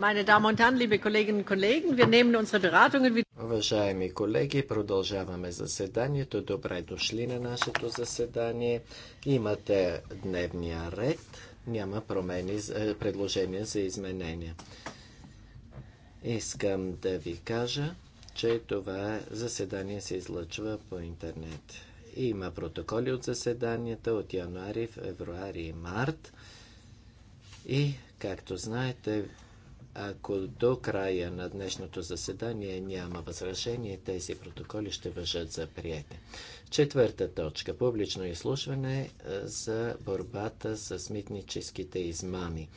Meine Damen und Herren, liebe Kolleginnen und Kollegen, wir nehmen unsere Beratungen wieder. Уважаеми колеги, продължаваме заседанието. Добре дошли на нашето заседание. Имате дневния ред. Няма промени, е, предложения за изменения. Искам да ви кажа, че това заседание се излъчва по интернет. Има протоколи от заседанията от януари, февруари и март. И, както знаете, ако до края на днешното заседание няма възражение, тези протоколи ще въжат за приятели. Четвърта точка. Публично изслушване е, за борбата с митническите измами.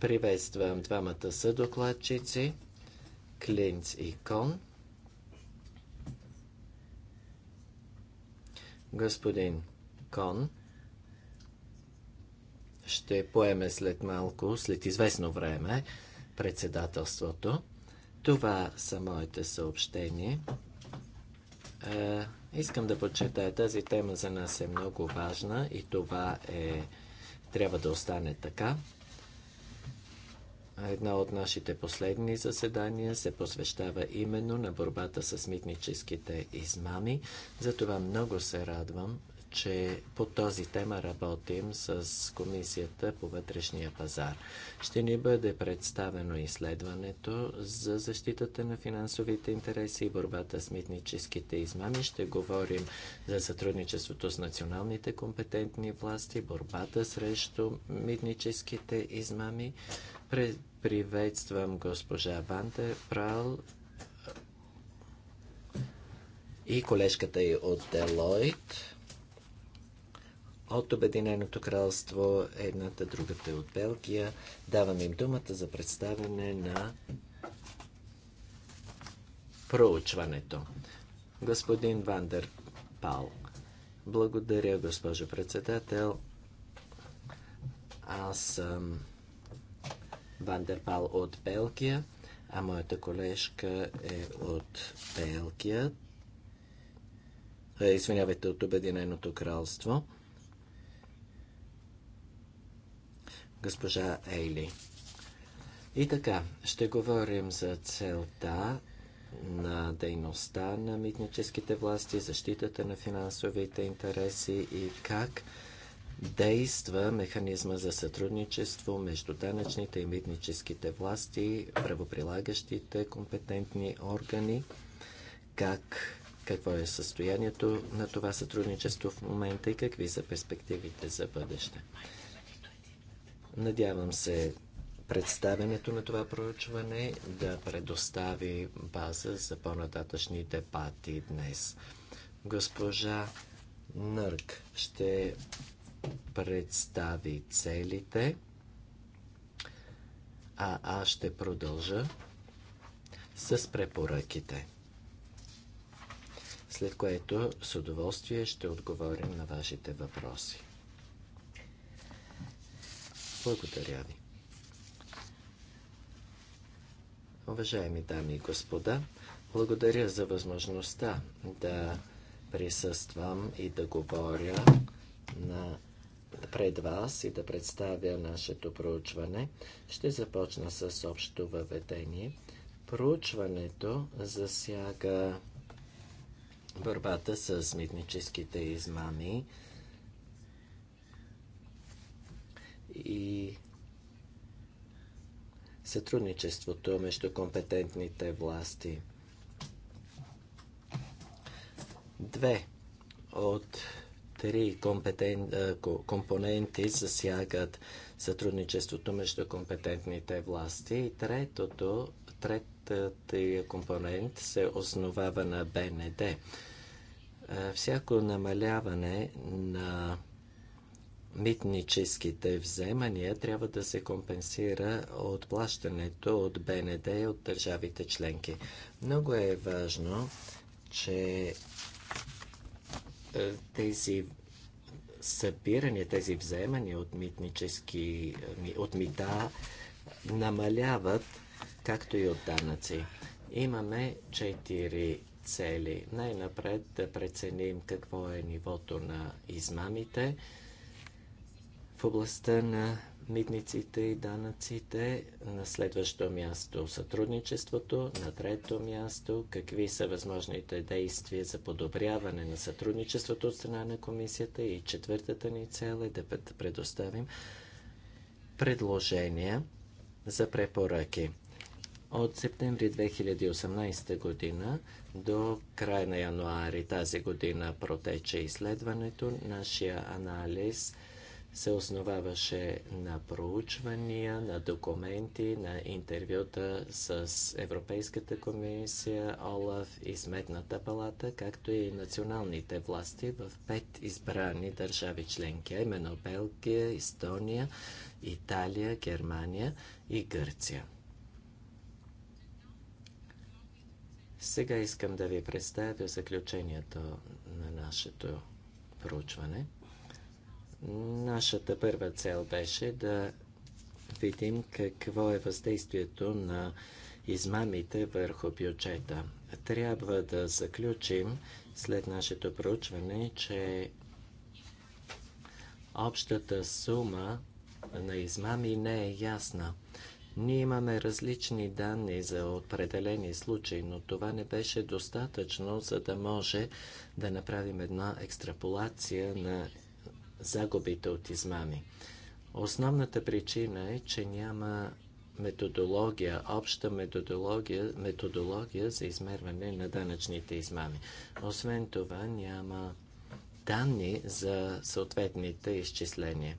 Приветствам двамата съдокладчици, Клинц и Кон. Господин Кон ще поеме след малко, след известно време, председателството. Това са моите съобщения. Е, искам да подчертая, тази тема за нас е много важна и това е, трябва да остане така. Една от нашите последни заседания се посвещава именно на борбата с митническите измами. Затова много се радвам, че по този тема работим с Комисията по вътрешния пазар. Ще ни бъде представено изследването за защитата на финансовите интереси и борбата с митническите измами. Ще говорим за сътрудничеството с националните компетентни власти, борбата срещу митническите измами. Приветствам госпожа Ванте Прал, и колежката й от Делойт от Обединеното кралство, едната, другата е от Белгия. давам им думата за представяне на проучването. Господин Вандер Пал. Благодаря, госпожо председател. Аз съм Вандер Пал от Белгия, а моята колежка е от Белгия. Е, извинявайте, от Обединеното кралство. госпожа Ейли. И така, ще говорим за целта на дейността на митническите власти, защитата на финансовите интереси и как действа механизма за сътрудничество между данъчните и митническите власти, правоприлагащите компетентни органи, как, какво е състоянието на това сътрудничество в момента и какви са перспективите за бъдеще. Надявам се представенето на това проучване да предостави база за по-нататъчни дебати днес. Госпожа Нърк ще представи целите, а аз ще продължа с препоръките. След което с удоволствие ще отговорим на вашите въпроси. Благодаря ви. Уважаеми дами и господа, благодаря за възможността да присъствам и да говоря на пред вас и да представя нашето проучване, ще започна с общо въведение. Проучването засяга борбата с митническите измами и сътрудничеството между компетентните власти. Две от три компетен... компоненти засягат сътрудничеството между компетентните власти и третото, третът компонент се основава на БНД. Всяко намаляване на митническите вземания трябва да се компенсира от плащането от БНД и от държавите членки. Много е важно, че е, тези събирания, тези вземания от митнически, от мита намаляват, както и от данъци. Имаме четири цели. Най-напред да преценим какво е нивото на измамите, в областта на митниците и данъците. На следващо място сътрудничеството. На трето място какви са възможните действия за подобряване на сътрудничеството от страна на комисията. И четвъртата ни цел е да предоставим предложения за препоръки. От септември 2018 година до края на януари тази година протече изследването. Нашия анализ – се основаваше на проучвания, на документи, на интервюта с Европейската комисия, ОЛАФ и Сметната палата, както и националните власти в пет избрани държави членки, а именно Белгия, Естония, Италия, Германия и Гърция. Сега искам да ви представя заключението на нашето проучване – Нашата първа цел беше да видим какво е въздействието на измамите върху бюджета. Трябва да заключим след нашето проучване, че общата сума на измами не е ясна. Ние имаме различни данни за определени случаи, но това не беше достатъчно, за да може да направим една екстраполация на загубите от измами. Основната причина е, че няма методология, обща методология, методология за измерване на данъчните измами. Освен това няма данни за съответните изчисления.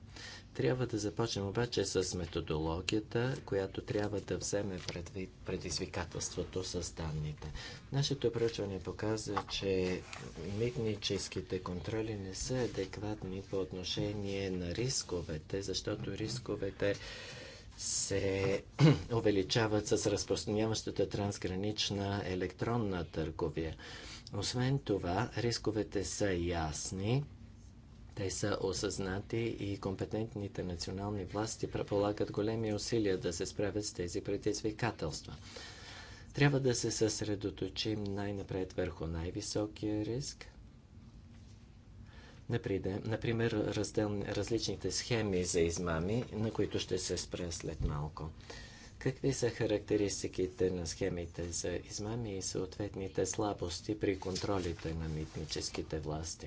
Трябва да започнем обаче с методологията, която трябва да вземе предвид предизвикателството с данните. Нашето проучване показва, че митническите контроли не са адекватни по отношение на рисковете, защото рисковете се увеличават с разпространяващата трансгранична електронна търговия. Освен това, рисковете са ясни те са осъзнати и компетентните национални власти предполагат големи усилия да се справят с тези предизвикателства. Трябва да се съсредоточим най-напред върху най-високия риск. Например, раздел... различните схеми за измами, на които ще се спра след малко. Какви са характеристиките на схемите за измами и съответните слабости при контролите на митническите власти?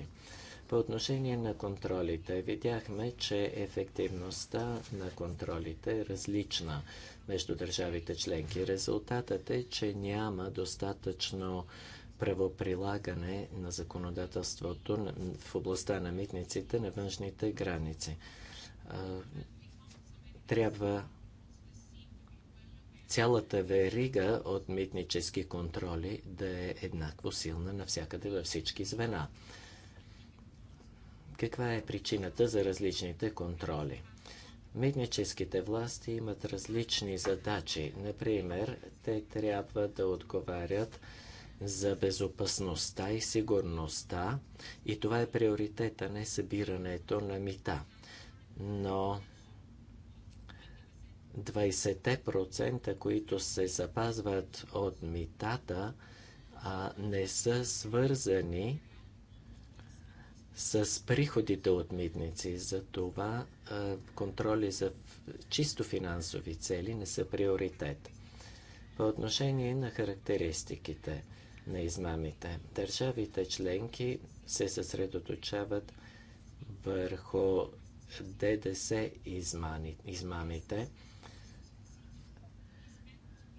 По отношение на контролите, видяхме, че ефективността на контролите е различна между държавите членки. Резултатът е, че няма достатъчно правоприлагане на законодателството в областта на митниците на външните граници. Трябва цялата верига от митнически контроли да е еднакво силна навсякъде във всички звена. Каква е причината за различните контроли? Митническите власти имат различни задачи. Например, те трябва да отговарят за безопасността и сигурността и това е приоритета, не събирането на мита. Но 20%, които се запазват от митата, а не са свързани с приходите от митници. За това контроли за чисто финансови цели не са приоритет. По отношение на характеристиките на измамите, държавите членки се съсредоточават върху ДДС измамите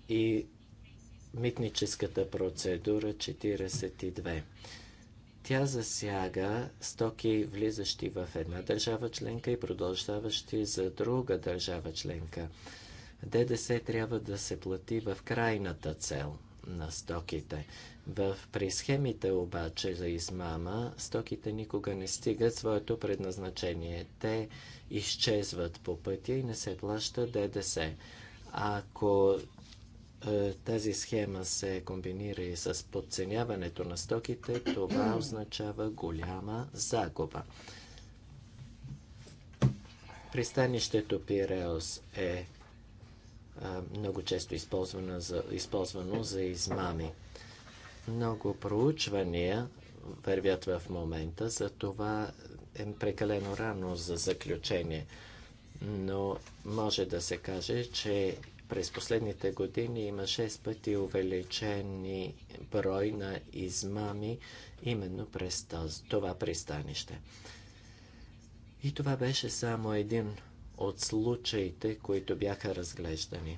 и митническата процедура 42. Тя засяга стоки, влизащи в една държава членка и продължаващи за друга държава членка. ДДС трябва да се плати в крайната цел на стоките. В, при схемите обаче за измама, стоките никога не стигат своето предназначение. Те изчезват по пътя и не се плаща ДДС. Ако е, тази схема се комбинира и с подценяването на стоките, това означава голяма загуба. Пристанището Пиреос е, е много често използвано за, използвано за измами. Много проучвания вървят в момента, за това е прекалено рано за заключение. Но може да се каже, че през последните години има 6 пъти увеличени брой на измами именно през това пристанище. И това беше само един от случаите, които бяха разглеждани.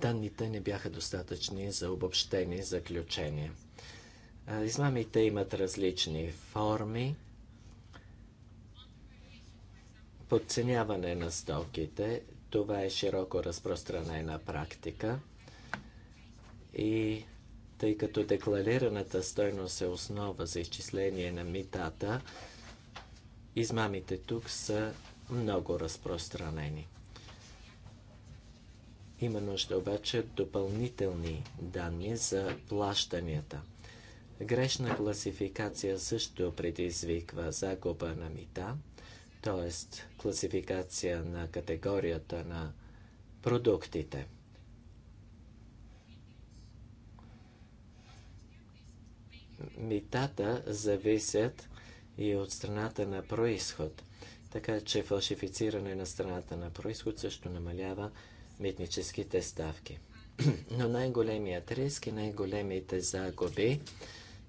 Данните не бяха достатъчни за обобщени заключения. Измамите имат различни форми подценяване на стоките. Това е широко разпространена практика. И тъй като декларираната стойност е основа за изчисление на митата, измамите тук са много разпространени. Има нужда обаче допълнителни данни за плащанията. Грешна класификация също предизвиква загуба на мита – т.е. класификация на категорията на продуктите. Митата зависят и от страната на происход, така че фалшифициране на страната на происход също намалява митническите ставки. Но най-големият риск и най-големите загуби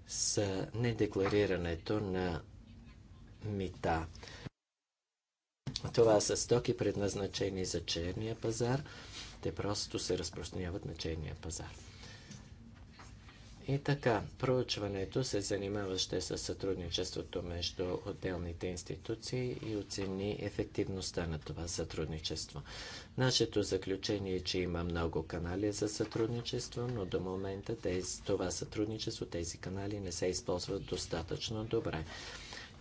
са недекларирането на мита. Това са стоки предназначени за черния пазар. Те просто се разпространяват на черния пазар. И така, проучването се занимаваше с сътрудничеството между отделните институции и оцени ефективността на това сътрудничество. Нашето заключение е, че има много канали за сътрудничество, но до момента тези, това сътрудничество, тези канали не се използват достатъчно добре.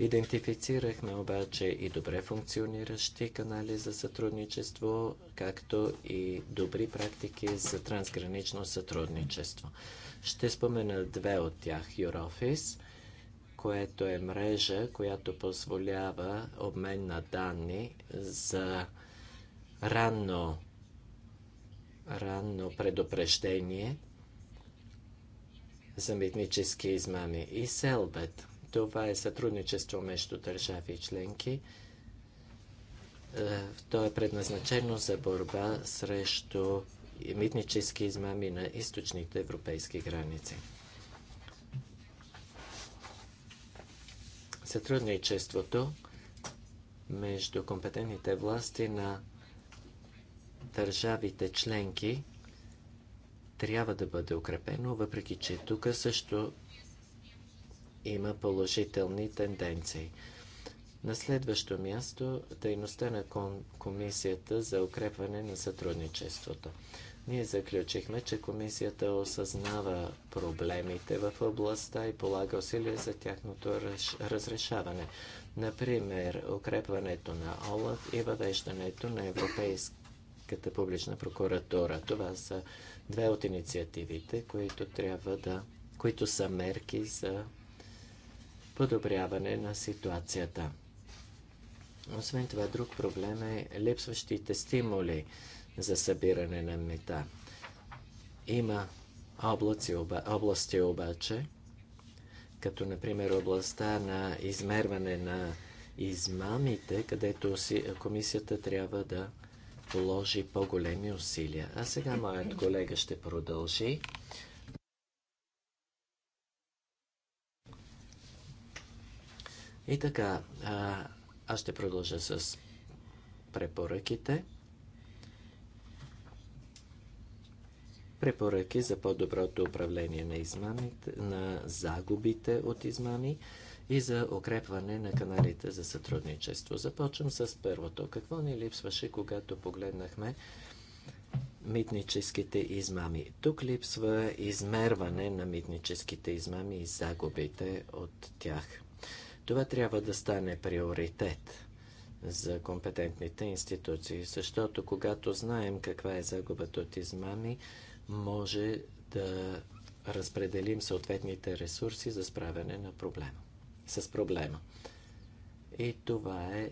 Идентифицирахме обаче и добре функциониращи канали за сътрудничество, както и добри практики за трансгранично сътрудничество. Ще спомена две от тях. Юрофис, което е мрежа, която позволява обмен на данни за ранно, ранно предупреждение за митнически измами и Селбет – това е сътрудничество между държави и членки. Е, то е предназначено за борба срещу митнически измами на източните европейски граници. Сътрудничеството между компетентните власти на държавите членки трябва да бъде укрепено, въпреки че тук също има положителни тенденции. На следващо място дейността на Комисията за укрепване на сътрудничеството. Ние заключихме, че Комисията осъзнава проблемите в областта и полага усилия за тяхното разрешаване. Например, укрепването на ОЛАФ и въвеждането на Европейската публична прокуратура. Това са две от инициативите, които трябва да които са мерки за подобряване на ситуацията. Освен това, друг проблем е липсващите стимули за събиране на мета. Има области, оба, области обаче, като например областта на измерване на измамите, където си, комисията трябва да положи по-големи усилия. А сега моят колега ще продължи И така, аз ще продължа с препоръките. Препоръки за по-доброто управление на, измамите, на загубите от измами и за укрепване на каналите за сътрудничество. Започвам с първото. Какво ни липсваше, когато погледнахме митническите измами? Тук липсва измерване на митническите измами и загубите от тях. Това трябва да стане приоритет за компетентните институции, защото когато знаем каква е загубата от измами, може да разпределим съответните ресурси за справяне на проблема, с проблема. И това е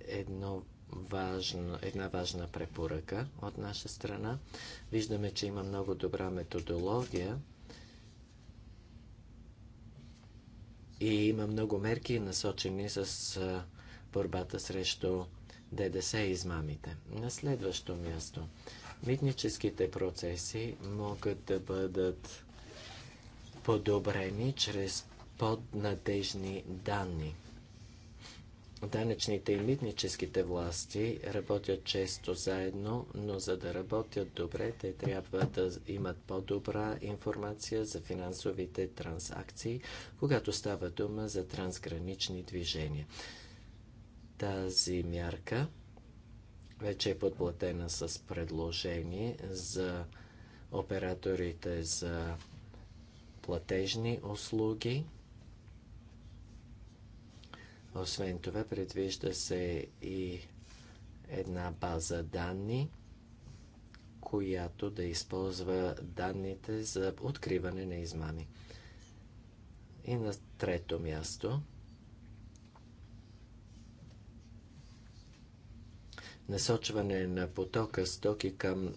едно важно, една важна препоръка от наша страна. Виждаме, че има много добра методология И има много мерки насочени с борбата срещу ДДС и измамите. На следващо място. Митническите процеси могат да бъдат подобрени чрез поднадежни данни. Данъчните и митническите власти работят често заедно, но за да работят добре, те трябва да имат по-добра информация за финансовите транзакции, когато става дума за трансгранични движения. Тази мярка вече е подплатена с предложение за операторите за платежни услуги. Освен това, предвижда се и една база данни, която да използва данните за откриване на измами. И на трето място насочване на потока стоки към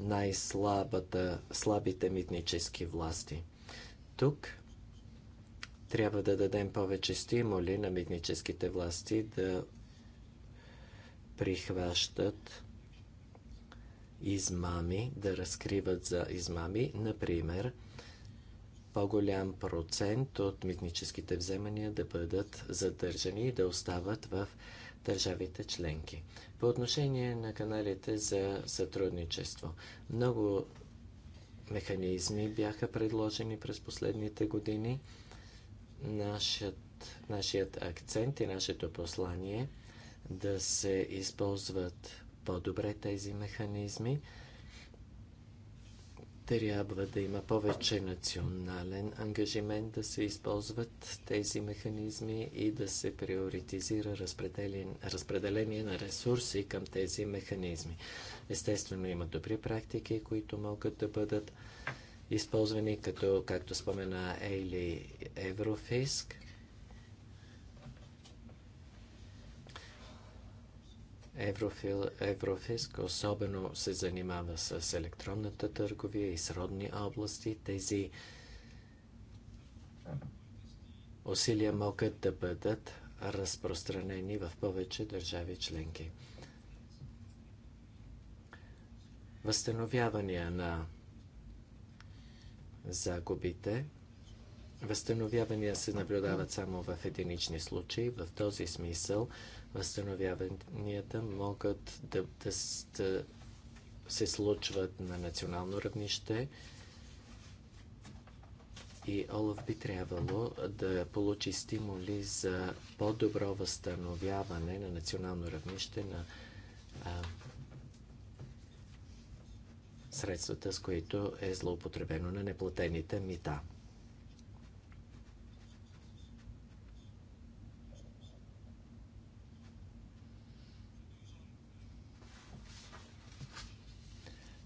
най-слабите митнически власти. Тук трябва да дадем повече стимули на митническите власти да прихващат измами, да разкриват за измами, например, по-голям процент от митническите вземания да бъдат задържани и да остават в държавите членки. По отношение на каналите за сътрудничество, много механизми бяха предложени през последните години – нашият, нашият акцент и нашето послание да се използват по-добре тези механизми. Трябва да има повече национален ангажимент да се използват тези механизми и да се приоритизира разпределение, разпределение на ресурси към тези механизми. Естествено, има добри практики, които могат да бъдат използвани като, както спомена Ейли Еврофиск. Еврофил, Еврофиск особено се занимава с електронната търговия и сродни области. Тези усилия могат да бъдат разпространени в повече държави членки. Възстановявания на загубите. Възстановявания се наблюдават само в единични случаи. В този смисъл възстановяванията могат да, да, да се случват на национално равнище и Олаф би трябвало да получи стимули за по-добро възстановяване на национално равнище на а, средствата, с които е злоупотребено на неплатените мита.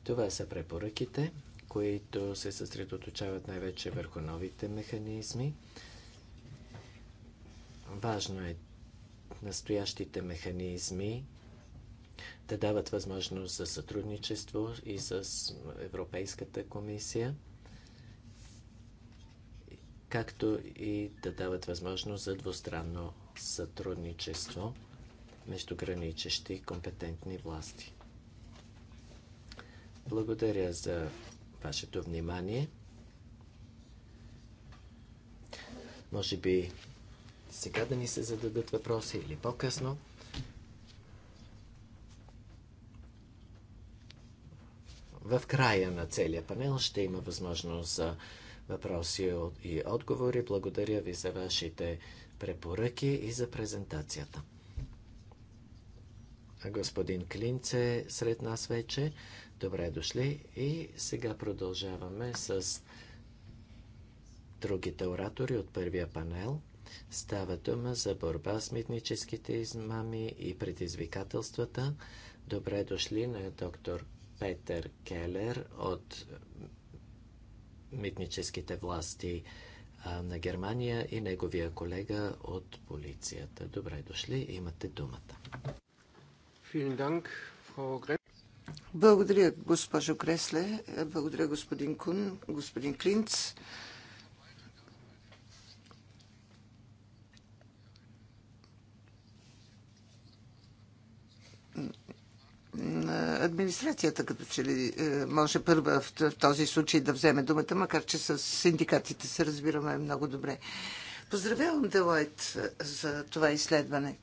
Това са препоръките, които се съсредоточават най-вече върху новите механизми. Важно е настоящите механизми да дават възможност за сътрудничество и с Европейската комисия, както и да дават възможност за двустранно сътрудничество между граничещи компетентни власти. Благодаря за вашето внимание. Може би сега да ни се зададат въпроси или по-късно. в края на целия панел ще има възможност за въпроси и отговори. Благодаря ви за вашите препоръки и за презентацията. Господин Клинце сред нас вече. Добре дошли. И сега продължаваме с другите оратори от първия панел. Става дума за борба с митническите измами и предизвикателствата. Добре дошли на доктор Петър Келер от митническите власти на Германия и неговия колега от полицията. Добре дошли, имате думата. Благодаря, госпожо Кресле. Благодаря, господин Кун, господин Клинц. администрацията като че ли е, може първа в този случай да вземе думата, макар че с синдикатите се разбираме много добре. Поздравявам Делойт е, за това изследване.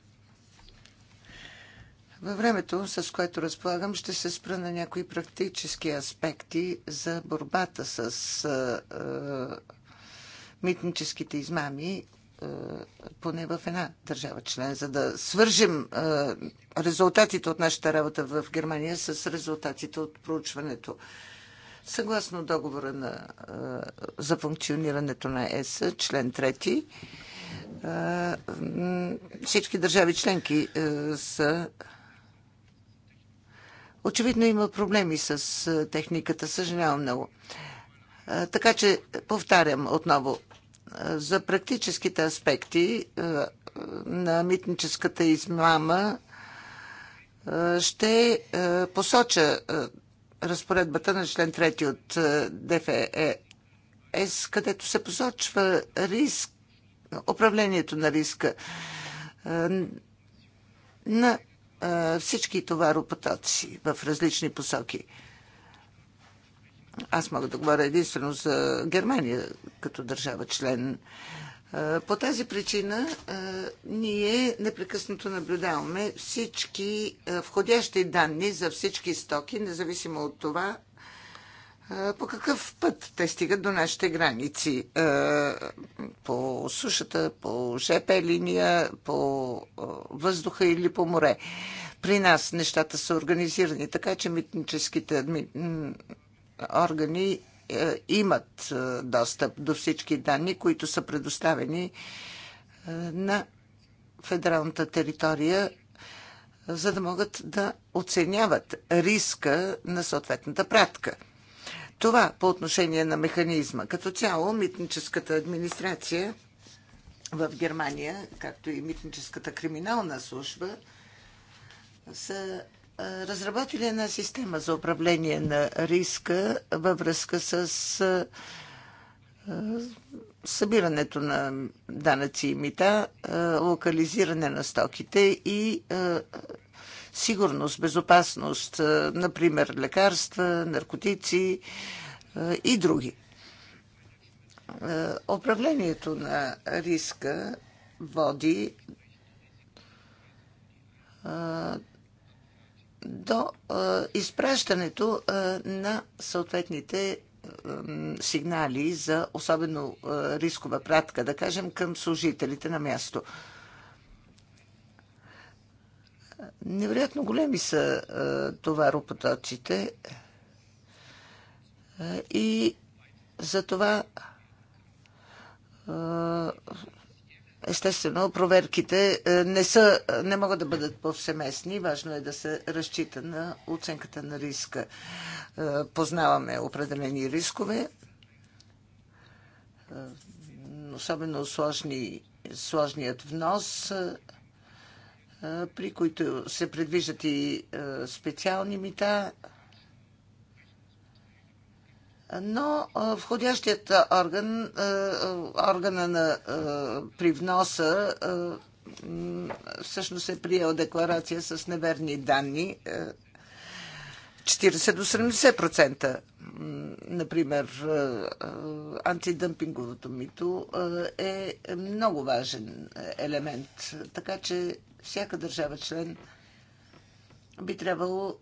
Във времето, с което разполагам, ще се спра на някои практически аспекти за борбата с е, митническите измами е, поне в една държава член, за да свържим е, резултатите от нашата работа в Германия с резултатите от проучването. Съгласно договора на, е, за функционирането на ЕС, член 3, всички държави членки са. Очевидно има проблеми с техниката, съжалявам много. Така че, повтарям отново, за практическите аспекти е, на митническата измама е, ще е, посоча разпоредбата на член 3 от ДФЕС, където се посочва риск, управлението на риска на всички товаропотоци в различни посоки – аз мога да говоря единствено за Германия като държава член. По тази причина ние непрекъснато наблюдаваме всички входящи данни за всички стоки, независимо от това по какъв път те стигат до нашите граници. По сушата, по ЖП линия, по въздуха или по море. При нас нещата са организирани така, че митническите органи е, имат е, достъп до всички данни, които са предоставени е, на федералната територия, за да могат да оценяват риска на съответната пратка. Това по отношение на механизма. Като цяло, митническата администрация в Германия, както и митническата криминална служба, са разработили една система за управление на риска във връзка с събирането на данъци и мита, локализиране на стоките и сигурност, безопасност, например лекарства, наркотици и други. Управлението на риска води до изпращането на съответните сигнали за особено рискова пратка, да кажем, към служителите на място. Невероятно големи са товаропотоците и за това Естествено, проверките е, не, са, не могат да бъдат повсеместни. Важно е да се разчита на оценката на риска. Е, познаваме определени рискове, е, особено сложни, сложният внос, при които се предвиждат и специални мита но входящият орган, органа на привноса, всъщност е приел декларация с неверни данни. 40 до 70%. Например, антидъмпинговото мито е много важен елемент. Така че всяка държава член би трябвало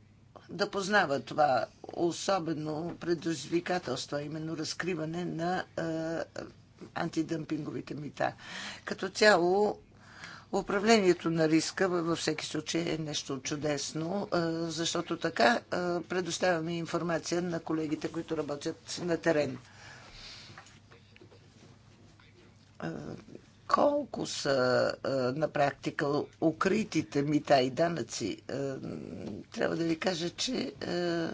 да познава това особено предизвикателство, именно разкриване на е, антидъмпинговите мита. Като цяло, управлението на риска във всеки случай е нещо чудесно, е, защото така е, предоставяме информация на колегите, които работят на терен колко са е, на практика укритите мита и данъци. Е, трябва да ви кажа, че е,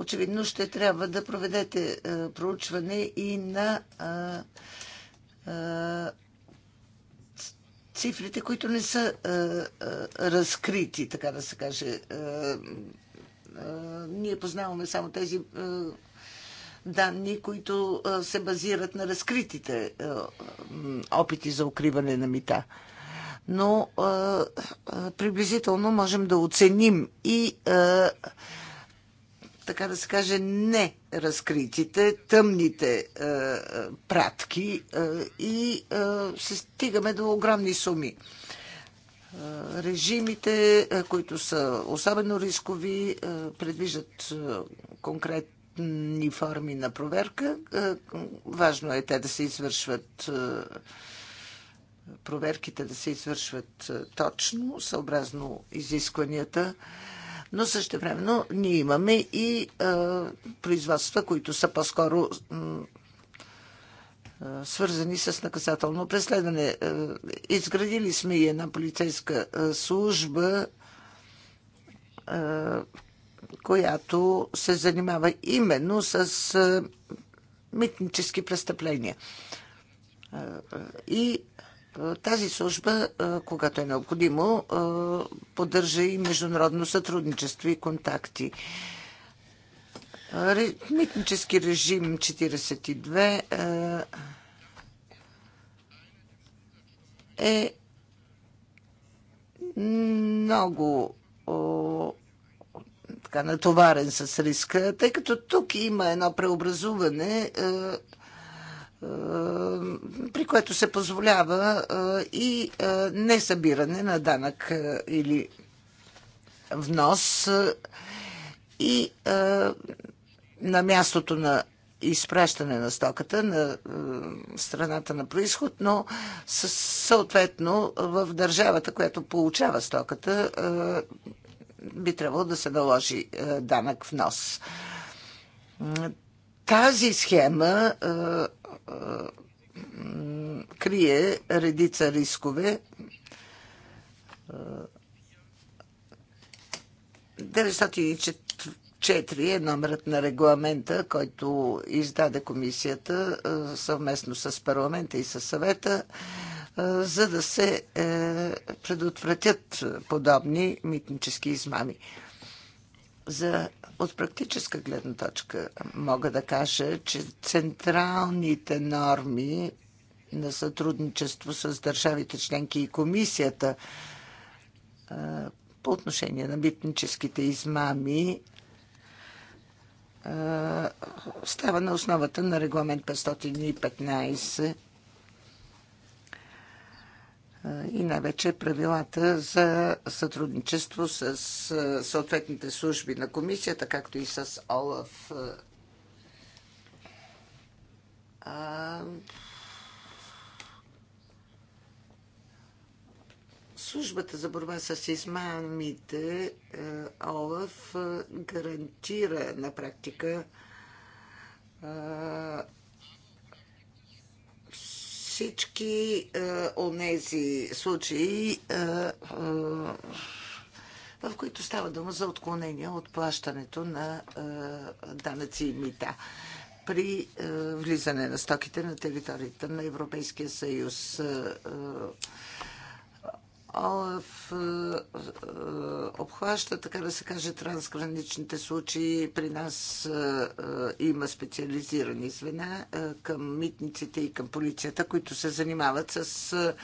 очевидно ще трябва да проведете проучване и на цифрите, които не са разкрити, така да се каже. Ние познаваме само тези данни, които се базират на разкритите опити за укриване на мита. Но приблизително можем да оценим и така да се каже, не разкритите, тъмните е, пратки е, и е, се стигаме до огромни суми. Е, режимите, е, които са особено рискови, е, предвиждат е, конкрет, ни форми на проверка. Е, важно е те да се извършват е, проверките да се извършват е, точно, съобразно изискванията, но също времено ние имаме и производства, които са по-скоро свързани с наказателно преследване. Изградили сме и една полицейска служба, която се занимава именно с митнически престъпления. И тази служба, когато е необходимо, поддържа и международно сътрудничество и контакти. Митнически режим 42 е много така натоварен с риска, тъй като тук има едно преобразуване, е, е, при което се позволява е, и не събиране на данък или внос и на мястото на изпращане на стоката на страната на происход, но съответно в държавата, която получава стоката, би трябвало да се наложи е, данък в нос. Тази схема е, е, крие редица рискове. 904 е номерът на регламента, който издаде комисията съвместно с парламента и с съвета за да се е, предотвратят подобни митнически измами. За, от практическа гледна точка мога да кажа, че централните норми на сътрудничество с държавите членки и комисията е, по отношение на митническите измами е, става на основата на регламент 515 и най-вече правилата за сътрудничество с съответните служби на комисията, както и с ОЛАФ. Службата за борба с измамите ОЛАФ гарантира на практика всички е, онези случаи, е, е, в които става дума за отклонение от плащането на е, данъци и мита при е, влизане на стоките на територията на Европейския съюз. Е, е, ОЛАФ е, е, обхваща, така да се каже, трансграничните случаи. При нас е, има специализирани звена към митниците и към полицията, които се занимават с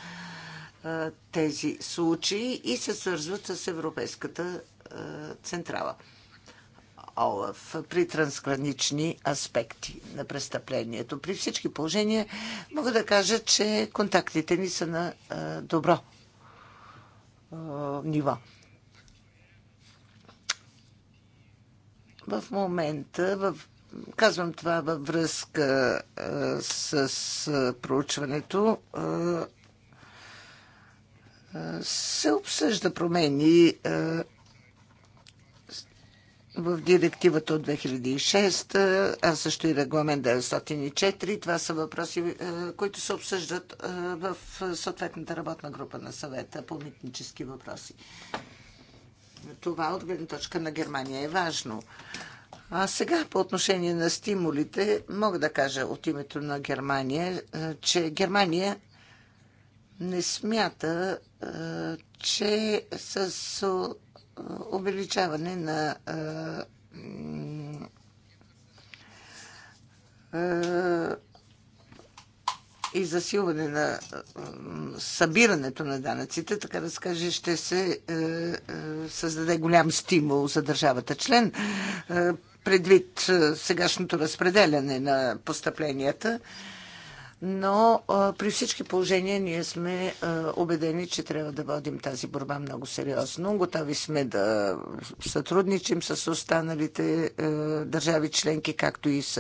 тези случаи и се свързват с Европейската централа. ОЛАФ при трансгранични аспекти на престъплението. При всички положения мога да кажа, че контактите ни са на добро нива. В момента, в, казвам това във връзка с, с проучването, се обсъжда промени в директивата от 2006, а също и регламент 904. Това са въпроси, е, които се обсъждат е, в съответната работна група на съвета по митнически въпроси. Това от гледна точка на Германия е важно. А сега по отношение на стимулите, мога да кажа от името на Германия, е, че Германия не смята, че с увеличаване на и засилване на събирането на данъците, така да се каже, ще се създаде голям стимул за държавата член. Предвид сегашното разпределяне на постъпленията, но а, при всички положения ние сме а, убедени, че трябва да водим тази борба много сериозно. Готови сме да сътрудничим с останалите а, държави членки, както и с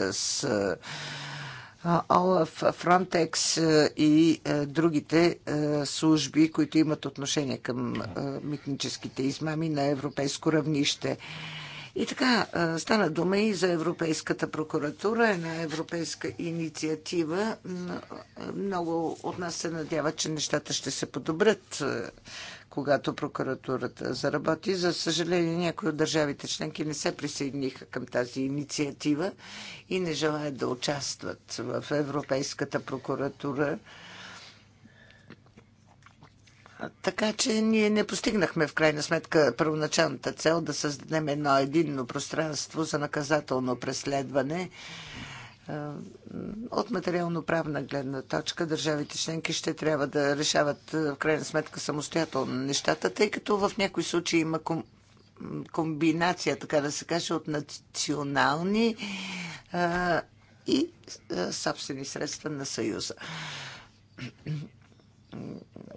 а, ОЛАФ, Фронтекс и другите служби, които имат отношение към митническите измами на европейско равнище. И така, стана дума и за Европейската прокуратура, една европейска инициатива. Много от нас се надява, че нещата ще се подобрят, когато прокуратурата заработи. За съжаление, някои от държавите членки не се присъединиха към тази инициатива и не желаят да участват в Европейската прокуратура така че ние не постигнахме в крайна сметка първоначалната цел да създадем едно единно пространство за наказателно преследване. Е, от материално-правна гледна точка държавите членки ще трябва да решават е, в крайна сметка самостоятелно нещата, тъй като в някои случаи има комбинация, така да се каже, от национални е, и собствени средства на Съюза.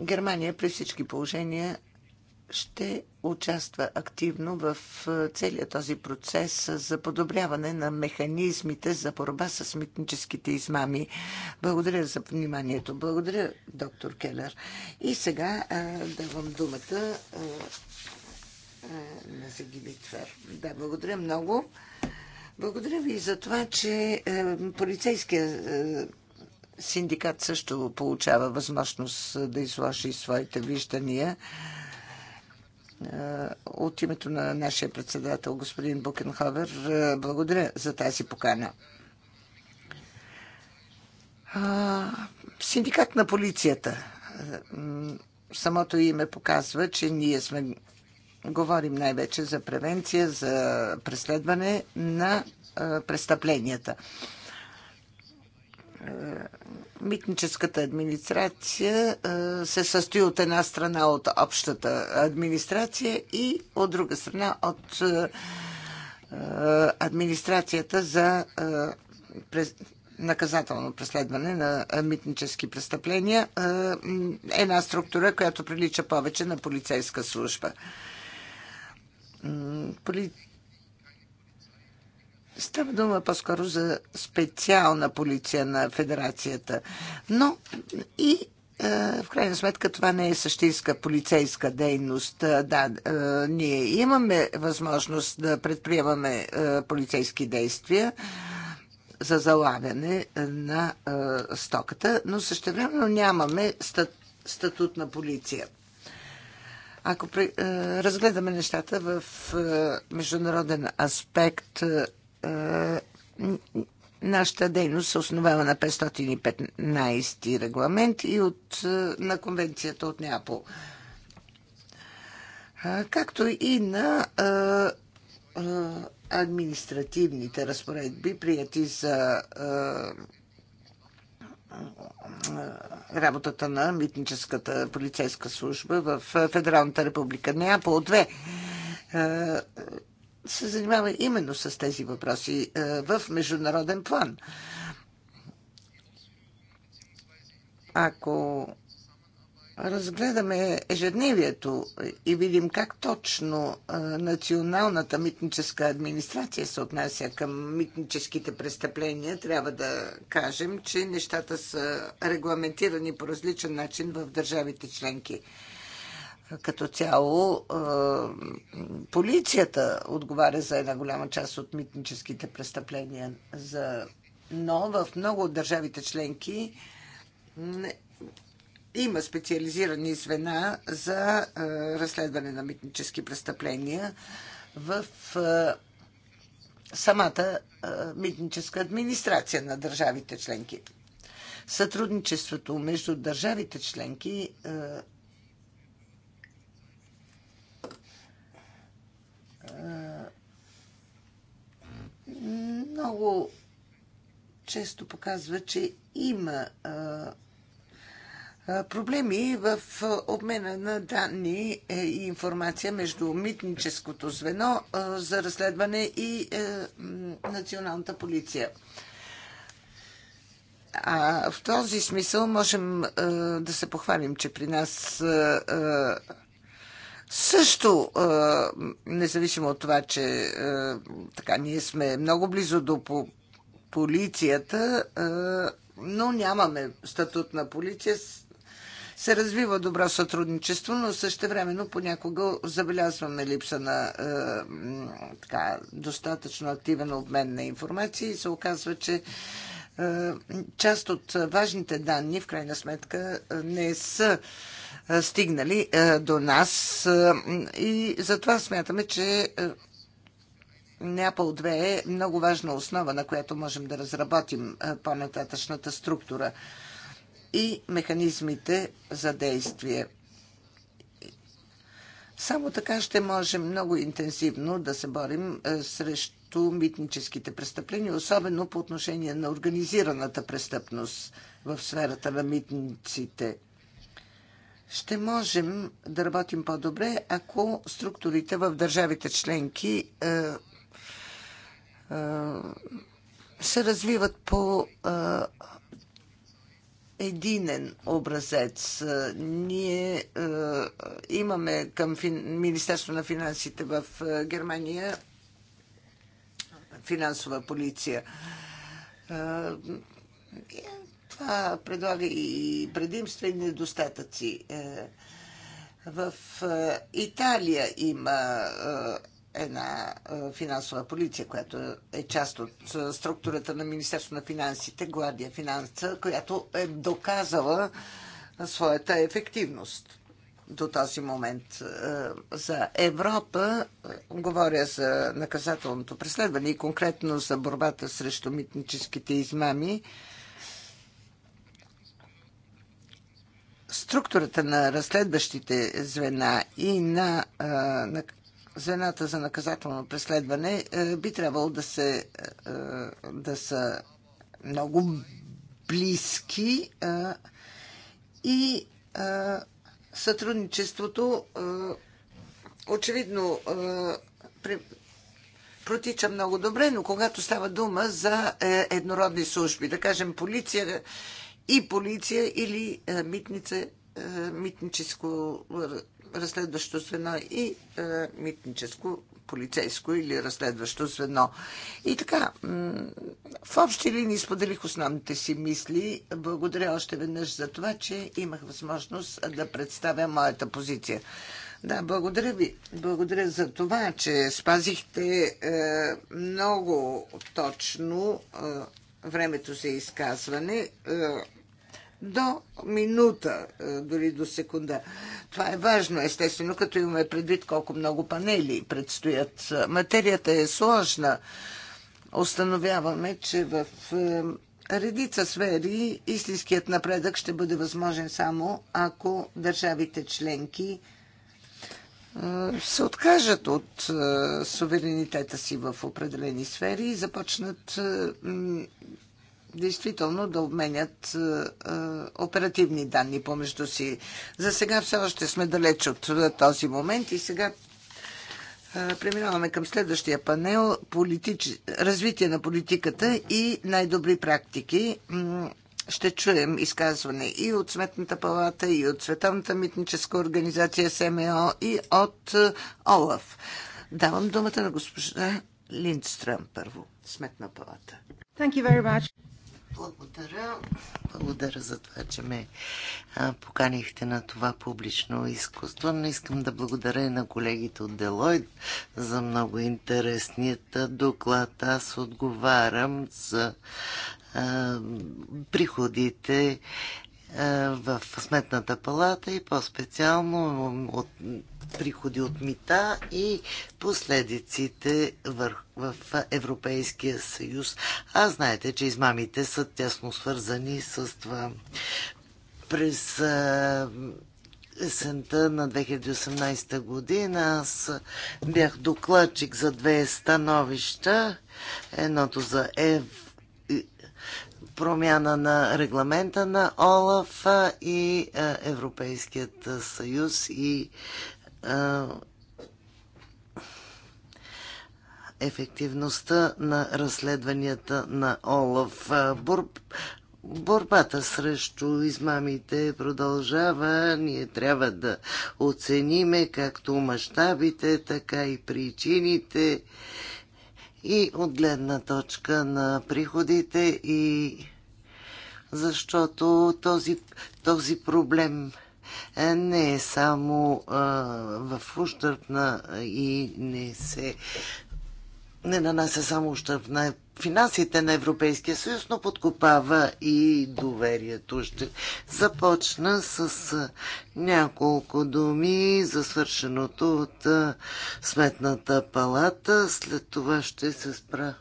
Германия при всички положения ще участва активно в е, целият този процес за подобряване на механизмите за борба с митническите измами. Благодаря за вниманието. Благодаря, доктор Келер. И сега а, е, давам думата а, е, а, на Загиби Да, благодаря много. Благодаря ви за това, че е, полицейския синдикат също получава възможност да изложи своите виждания. От името на нашия председател, господин Букенховер, благодаря за тази покана. Синдикат на полицията. Самото име показва, че ние сме говорим най-вече за превенция, за преследване на престъпленията. Е, митническата администрация е, се състои от една страна от общата администрация и от друга страна от е, администрацията за наказателно преследване на митнически престъпления. Една структура, която прилича повече на полицейска служба. Полицейска Става дума по-скоро за специална полиция на федерацията. Но и е, в крайна сметка това не е същинска полицейска дейност. Е, да, е, ние имаме възможност да предприемаме полицейски действия за залавяне на стоката, но същевременно нямаме статут на полиция. Ако разгледаме нещата в международен аспект, е, нашата дейност се основава на 515 регламент и от, е, на конвенцията от Неапол. Е, както и на а, а, административните разпоредби, прияти за а, работата на митническата полицейска служба в Федералната република Неапол 2 се занимава именно с тези въпроси е, в международен план. Ако разгледаме ежедневието и видим как точно е, националната митническа администрация се отнася към митническите престъпления, трябва да кажем, че нещата са регламентирани по различен начин в държавите членки като цяло полицията отговаря за една голяма част от митническите престъпления. За... Но в много от държавите членки има специализирани звена за разследване на митнически престъпления в самата митническа администрация на държавите членки. Сътрудничеството между държавите членки много често показва, че има проблеми в обмена на данни е, и информация между митническото звено за разследване и е, националната полиция. А в този смисъл можем да се похвалим, че при нас също, независимо от това, че така, ние сме много близо до полицията, но нямаме статут на полиция, се развива добро сътрудничество, но също времено понякога забелязваме липса на така, достатъчно активен обмен на информация и се оказва, че част от важните данни в крайна сметка не са е, стигнали до нас и затова смятаме, че Неапол 2 е много важна основа, на която можем да разработим по-нататъчната структура и механизмите за действие. Само така ще можем много интенсивно да се борим срещу митническите престъпления, особено по отношение на организираната престъпност в сферата на митниците – ще можем да работим по-добре, ако структурите в държавите членки е, е, се развиват по е, единен образец. Ние е, имаме към фин... Министерство на финансите в е, Германия финансова полиция. Е, това предлага и предимства и недостатъци. Е, в е, Италия има е, една финансова полиция, която е част от структурата на Министерство на финансите, Гладия финанса, която е доказала своята ефективност до този момент. За Европа говоря за наказателното преследване и конкретно за борбата срещу митническите измами. структурата на разследващите звена и на, на звената за наказателно преследване би трябвало да, се, да са много близки и сътрудничеството очевидно протича много добре, но когато става дума за е, еднородни служби, да кажем полиция, и полиция или е, митница, е, митническо разследващо звено и е, митническо полицейско или разследващо звено. И така, в общи линии споделих основните си мисли. Благодаря още веднъж за това, че имах възможност да представя моята позиция. Да, благодаря ви. Благодаря за това, че спазихте е, много точно е, времето за изказване е, до минута, е, дори до секунда. Това е важно, естествено, като имаме предвид колко много панели предстоят. Материята е сложна. Установяваме, че в е, редица сфери истинският напредък ще бъде възможен само ако държавите членки се откажат от суверенитета си в определени сфери и започнат действително да обменят оперативни данни помежду си. За сега все още сме далеч от този момент и сега преминаваме към следващия панел политич... развитие на политиката и най-добри практики ще чуем изказване и от Сметната палата, и от Световната митническа организация СМО, и от е, ОЛАФ. Давам думата на госпожа Линдстрам първо, Сметна палата. Thank you very much. Благодаря. Благодаря за това, че ме поканихте на това публично изкуство. Но искам да благодаря и на колегите от Делойд за много интересният доклад. Аз отговарям за приходите в Сметната палата и по-специално от приходи от мита и последиците в, Европейския съюз. А знаете, че измамите са тясно свързани с това. През есента на 2018 година аз бях докладчик за две становища. Едното за Ев промяна на регламента на ОЛАФ и Европейският съюз и ефективността на разследванията на ОЛАФ. Борбата срещу измамите продължава. Ние трябва да оцениме както мащабите, така и причините и от гледна точка на приходите и защото този, този проблем не е само а, в ущърп на и не се не нанася само ущърп на финансите на Европейския съюз, но подкопава и доверието. Ще започна с няколко думи за свършеното от Сметната палата. След това ще се спра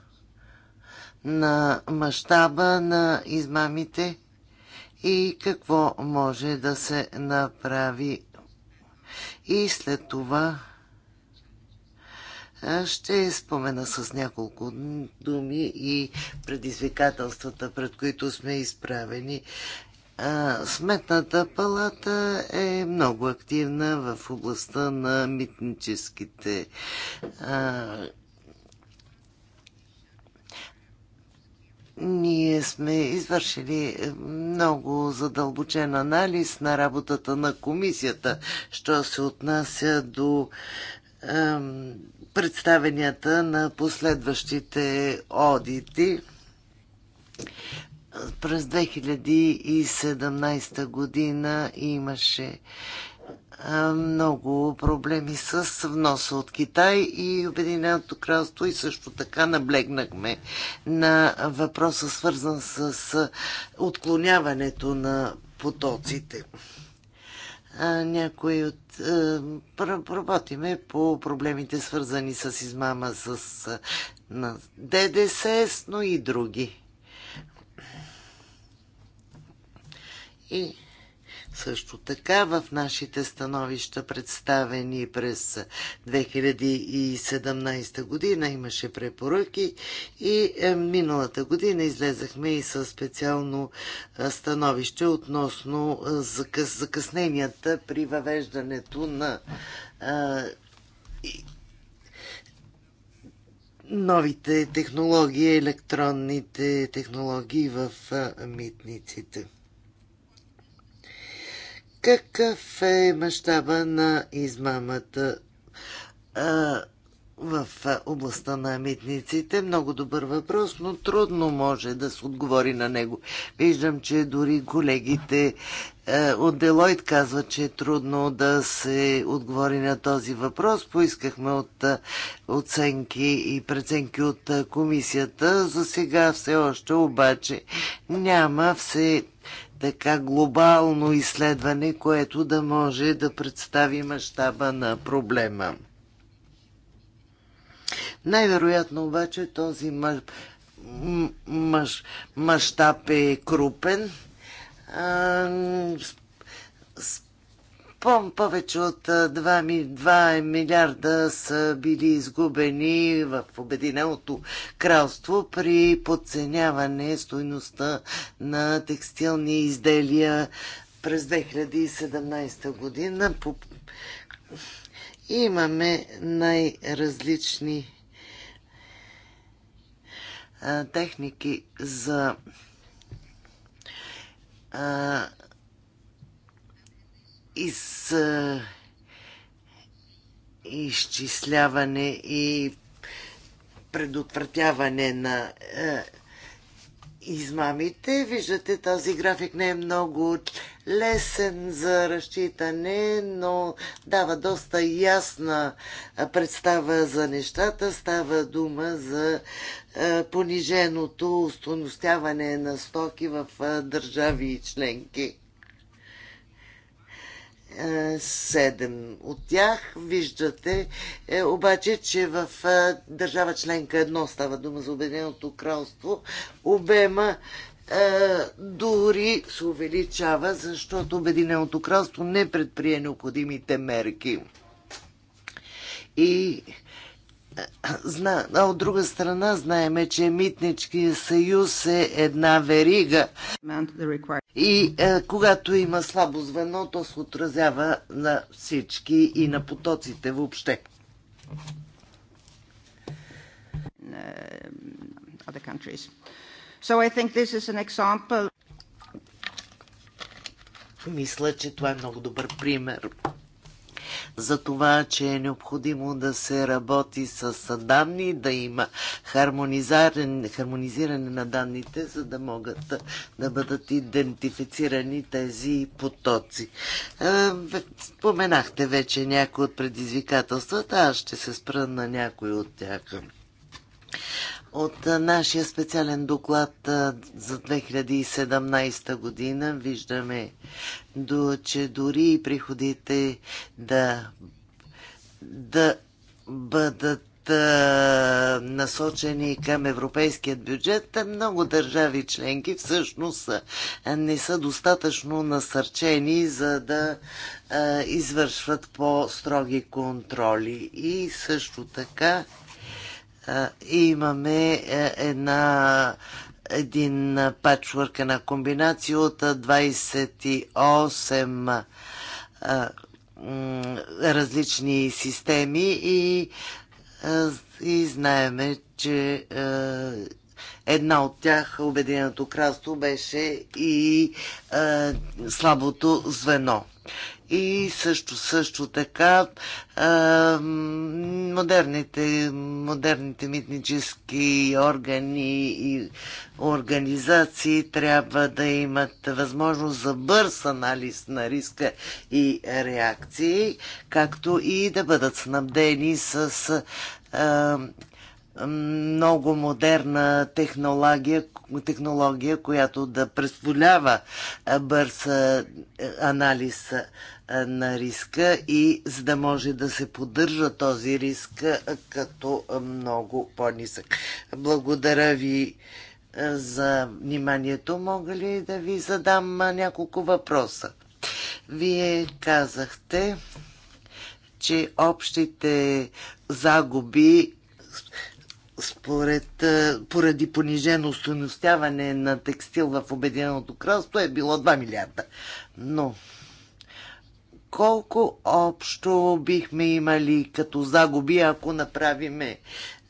на мащаба на измамите и какво може да се направи. И след това ще спомена с няколко думи и предизвикателствата, пред които сме изправени. Сметната палата е много активна в областта на митническите Ние сме извършили много задълбочен анализ на работата на комисията, що се отнася до представенията на последващите одити. През 2017 година имаше много проблеми с вноса от Китай и Обединеното кралство и също така наблегнахме на въпроса свързан с отклоняването на потоците някои от... Работиме по проблемите свързани с измама с на ДДС, но и други. И също така в нашите становища, представени през 2017 година, имаше препоръки и е, миналата година излезахме и със специално е, становище относно е, закъсненията при въвеждането на новите технологии, електронните технологии в митниците. Какъв е мащаба на измамата а, в областта на митниците? Много добър въпрос, но трудно може да се отговори на него. Виждам, че дори колегите а, от Делойт казват, че е трудно да се отговори на този въпрос. Поискахме от а, оценки и преценки от комисията. За сега все още обаче няма все така глобално изследване, което да може да представи мащаба на проблема. Най-вероятно обаче този мащаб е крупен. А, повече от 2, 2 милиарда са били изгубени в Обединеното кралство при подценяване стойността на текстилни изделия през 2017 година. Имаме най-различни техники за из, изчисляване и предотвратяване на а, измамите. Виждате, този график не е много лесен за разчитане, но дава доста ясна представа за нещата. Става дума за пониженото установяване на стоки в държави и членки. Е, седем от тях. Виждате е, обаче, че в е, държава членка едно става дума за Обединеното кралство, обема е, дори се увеличава, защото Обединеното кралство не предприе необходимите мерки. И Зна, а от друга страна знаеме, че митнички съюз е една верига. И е, когато има слабо звено, то се отразява на всички и на потоците въобще. Uh, so Мисля, че това е много добър пример за това, че е необходимо да се работи с данни, да има хармонизиране, на данните, за да могат да бъдат идентифицирани тези потоци. Е, споменахте вече някои от предизвикателствата, аз ще се спра на някои от тях. От нашия специален доклад за 2017 година виждаме, че дори и приходите да, да бъдат насочени към европейският бюджет, много държави членки всъщност не са достатъчно насърчени за да извършват по-строги контроли. И също така имаме е, една един пачворк, една комбинация от 28 а, различни системи и, а, и знаеме, че а, една от тях, Обединеното кралство, беше и слабото звено и също, също така а, модерните, модерните митнически органи и организации трябва да имат възможност за бърз анализ на риска и реакции, както и да бъдат снабдени с а, много модерна технология, технология която да представлява бърз анализ на риска и за да може да се поддържа този риск като много по-нисък. Благодаря ви за вниманието. Мога ли да ви задам няколко въпроса? Вие казахте, че общите загуби според, поради понижено стоеностяване на текстил в Обединеното кралство е било 2 милиарда. Но колко общо бихме имали като загуби, ако направиме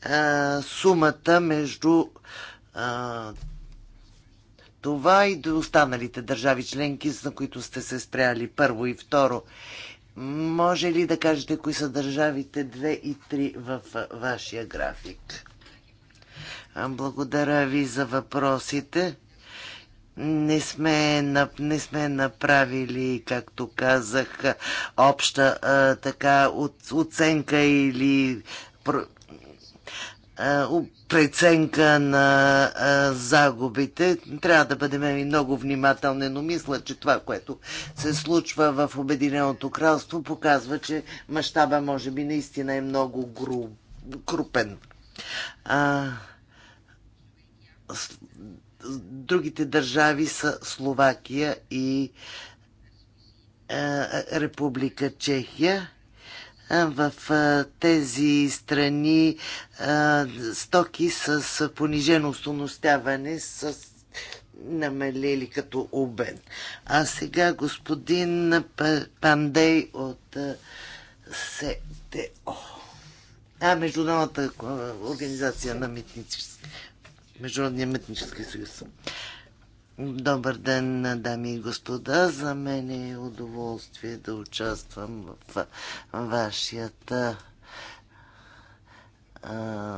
а, сумата между а, това и до останалите държави членки, на които сте се спряли първо и второ. Може ли да кажете кои са държавите 2 и 3 в вашия график? Благодаря ви за въпросите. Не сме, не сме направили, както казах, обща а, така оценка или преценка на а, загубите. Трябва да бъдем много внимателни, но мисля, че това, което се случва в Обединеното кралство, показва, че мащаба може би наистина е много гру... крупен. А, другите държави са Словакия и е, Република Чехия. Е, в е, тези страни стоки с понижено остоностяване с намалели като обен. А сега господин Пандей от СТО. А, Международната организация на митници. Международния митнически съюз. Добър ден, дами и господа. За мен е удоволствие да участвам в вашият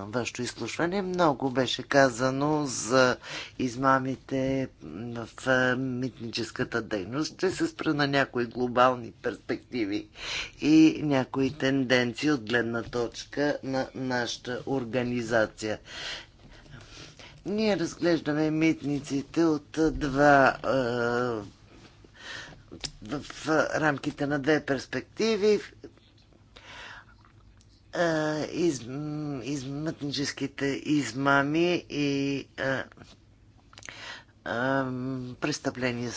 вашето изслушване. Много беше казано за измамите в митническата дейност. Ще се спра на някои глобални перспективи и някои тенденции от гледна точка на нашата организация. Ние разглеждаме митниците от два в рамките на две перспективи. Из, измътническите измами и а, а, престъпления.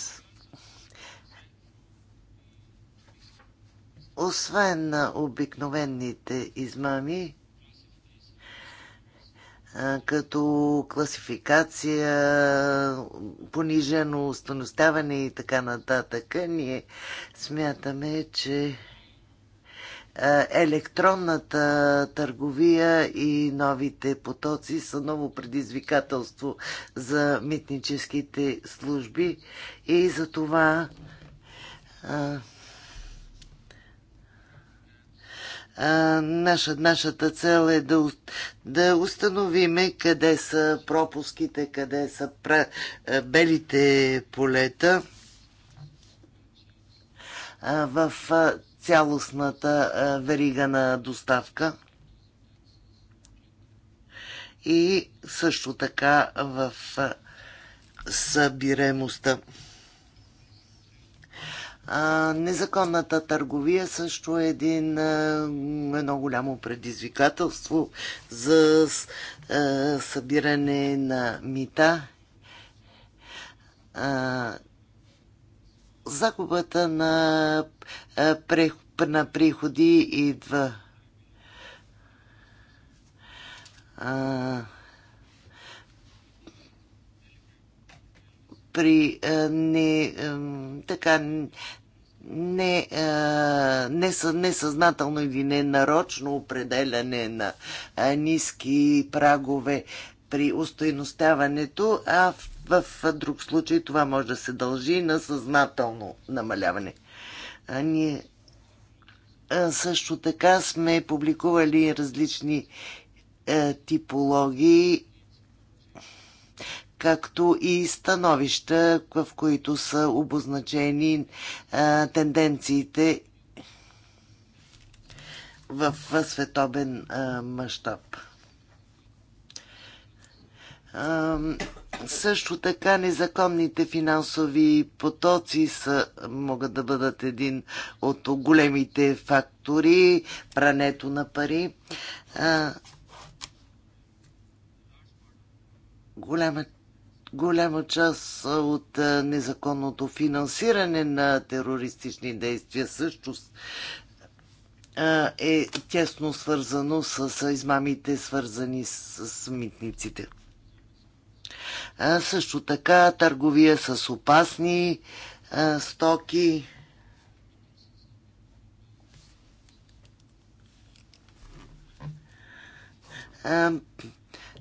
Освен на обикновените измами, като класификация, понижено установяване и така нататък. Ние смятаме, че електронната търговия и новите потоци са ново предизвикателство за митническите служби и за това наша, нашата цел е да, да установиме къде са пропуските, къде са пра, белите полета в цялостната верига на доставка и също така в събираемостта. А, незаконната търговия също е един, едно голямо предизвикателство за а, събиране на мита. А, загубата на, на приходи идва. А, при а, не, а, така не, а, е, не, несъзнателно или ненарочно определяне на а, е, ниски прагове при устойностяването, а в, в друг случай това може да се дължи на съзнателно намаляване. А ние а, е, също така сме публикували различни е, типологии както и становища, в които са обозначени а, тенденциите в световен мащаб. Също така незаконните финансови потоци са, могат да бъдат един от големите фактори, прането на пари. А, голяма голяма част от незаконното финансиране на терористични действия също е тясно свързано с измамите, свързани с митниците. Също така търговия с опасни стоки.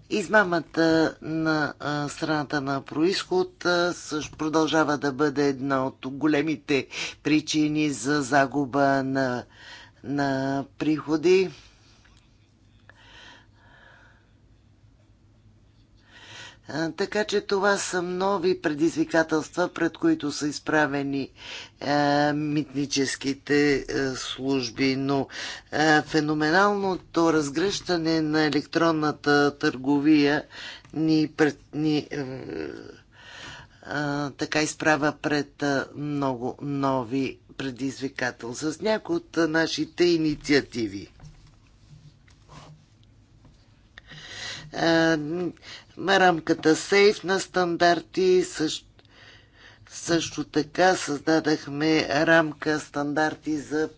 Измамата на страната на происход също продължава да бъде една от големите причини за загуба на, на приходи. Така че това са нови предизвикателства, пред които са изправени е, митническите е, служби, но е, феноменалното разгръщане на електронната търговия ни, пред, ни е, е, така изправя пред е, много нови предизвикателства с някои от нашите инициативи. Е, рамката сейф на стандарти, също, също така създадахме рамка стандарти за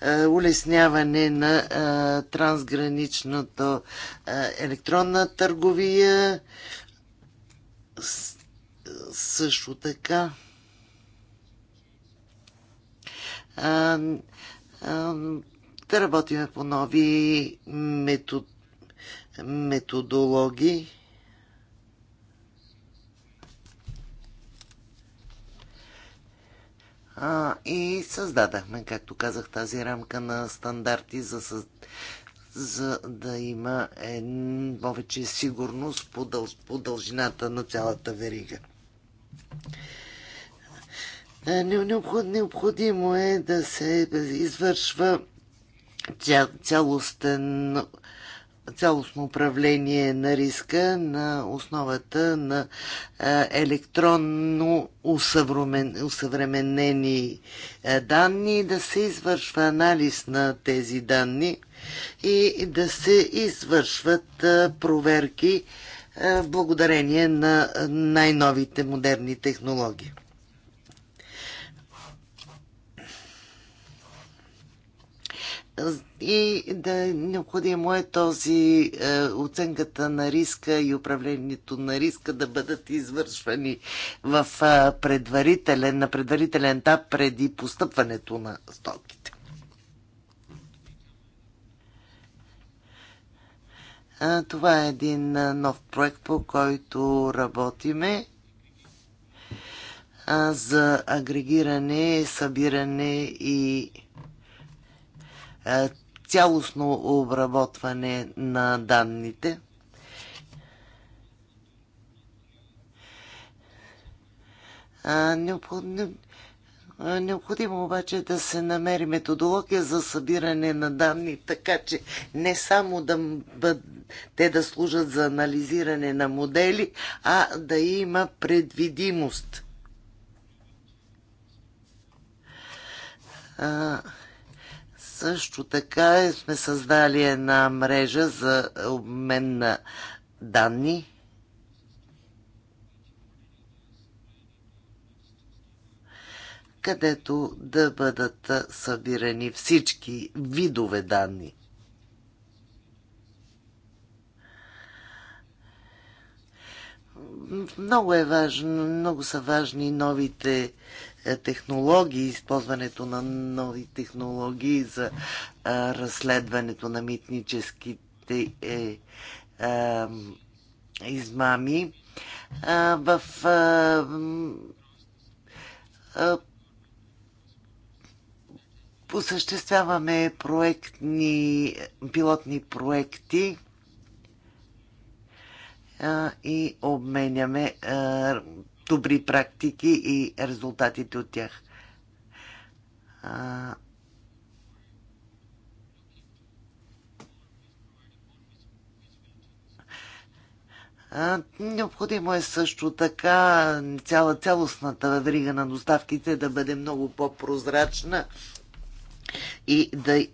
е, улесняване на е, трансграничната електронна търговия. Също така да работиме по нови метод, методологи. А, и създадахме, както казах, тази рамка на стандарти за, за да има е, повече сигурност по, дъл, по дължината на цялата верига. Е, необходимо е да се извършва цялостен цялостно управление на риска на основата на е, електронно усъвременени е, данни, да се извършва анализ на тези данни и да се извършват е, проверки благодарение на най-новите модерни технологии. и да е необходимо е този е, оценката на риска и управлението на риска да бъдат извършвани в е, предварителен, на предварителен етап преди постъпването на стоките. Е, това е един е, нов проект, по който работиме е, за агрегиране, събиране и е, цялостно обработване на данните. Необходимо, обаче да се намери методология за събиране на данни, така че не само да бъд, те да служат за анализиране на модели, а да има предвидимост. А, също така е, сме създали една мрежа за обмен на данни. където да бъдат събирани всички видове данни. Много е важно, много са важни новите е, технологии, използването на нови технологии за е, разследването на митническите е, е, измами. А, е, в а, осъществяваме проектни, пилотни проекти и обменяме добри практики и резултатите от тях. А... Необходимо е също така цяла цялостната врига на доставките да бъде много по-прозрачна и да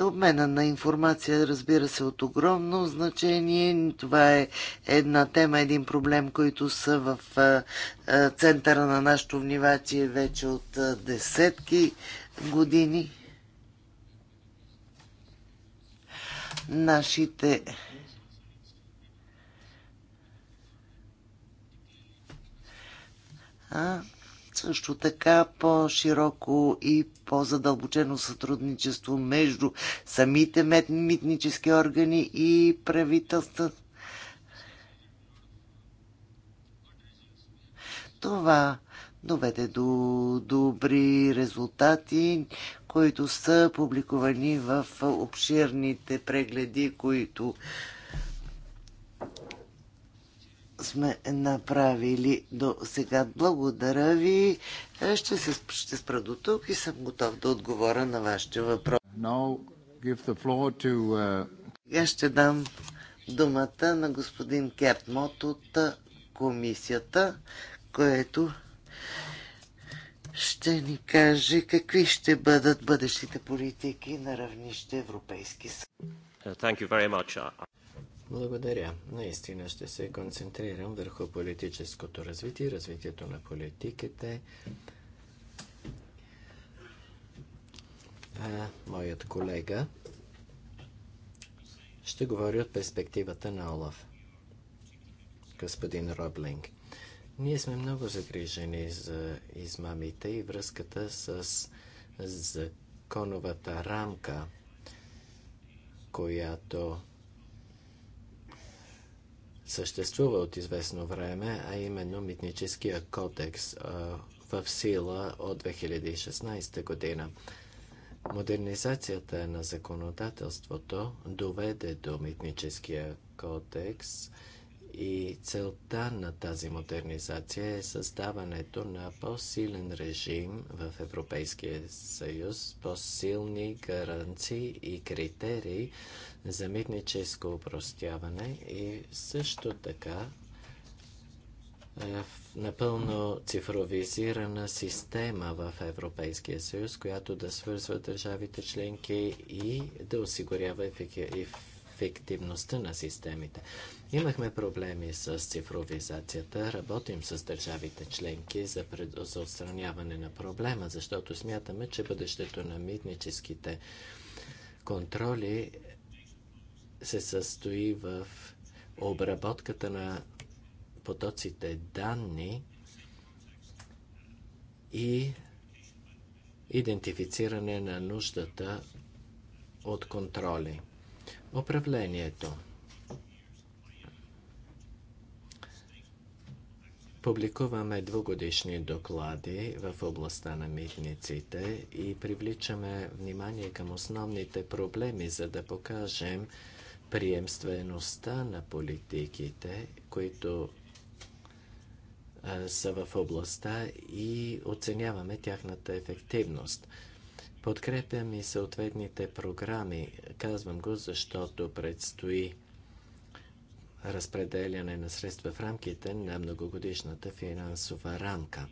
Обмена на информация, разбира се, от огромно значение. Това е една тема, един проблем, които са в центъра на нашото внимание вече от десетки години. Нашите а, също така по-широко и по-задълбочено сътрудничество между самите митнически органи и правителства. Това доведе до добри резултати, които са публикувани в обширните прегледи, които сме направили до сега. Благодаря ви. Е, ще, се, ще спра до тук и съм готов да отговоря на вашите въпроси. to, Я е, ще дам думата на господин Кертмот от е, комисията, което ще ни каже какви ще бъдат бъдещите политики на равнище Европейски съюз. Благодаря. Наистина ще се концентрирам върху политическото развитие, развитието на политиките. А, моят колега ще говори от перспективата на Олаф. Господин Роблинг. Ние сме много загрижени за измамите и връзката с законовата рамка, която съществува от известно време, а именно Митническия кодекс в сила от 2016 година. Модернизацията на законодателството доведе до Митническия кодекс – и целта на тази модернизация е създаването на по-силен режим в Европейския съюз, по-силни гаранции и критерии за митническо упростяване и също така е, напълно цифровизирана система в Европейския съюз, която да свързва държавите членки и да осигурява ефик ефективността на системите. Имахме проблеми с цифровизацията. Работим с държавите членки за, пред... за отстраняване на проблема, защото смятаме, че бъдещето на митническите контроли се състои в обработката на потоците данни и идентифициране на нуждата от контроли управлението. Публикуваме двугодишни доклади в областта на митниците и привличаме внимание към основните проблеми, за да покажем приемствеността на политиките, които са в областта и оценяваме тяхната ефективност. Подкрепям и съответните програми. Казвам го, защото предстои разпределяне на средства в рамките на многогодишната финансова рамка.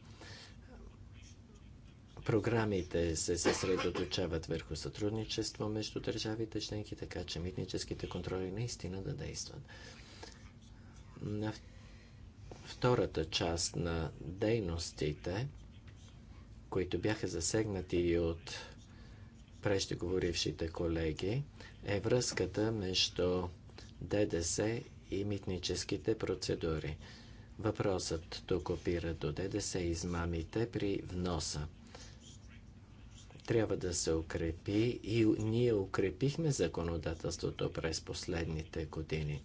Програмите се съсредоточават върху сътрудничество между държавите членки, така че митническите контроли наистина да действат. На втората част на дейностите, които бяха засегнати и от преждеговорившите колеги е връзката между ДДС и митническите процедури. Въпросът тук опира до ДДС и измамите при вноса. Трябва да се укрепи и ние укрепихме законодателството през последните години.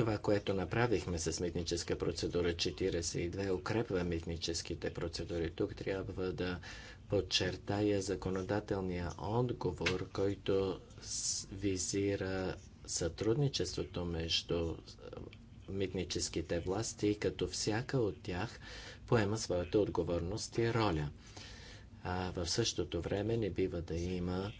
Това, което направихме с митническа процедура 42, укрепва митническите процедури. Тук трябва да подчертая законодателния отговор, който визира сътрудничеството между митническите власти, като всяка от тях поема своята отговорност и роля. А в същото време не бива да има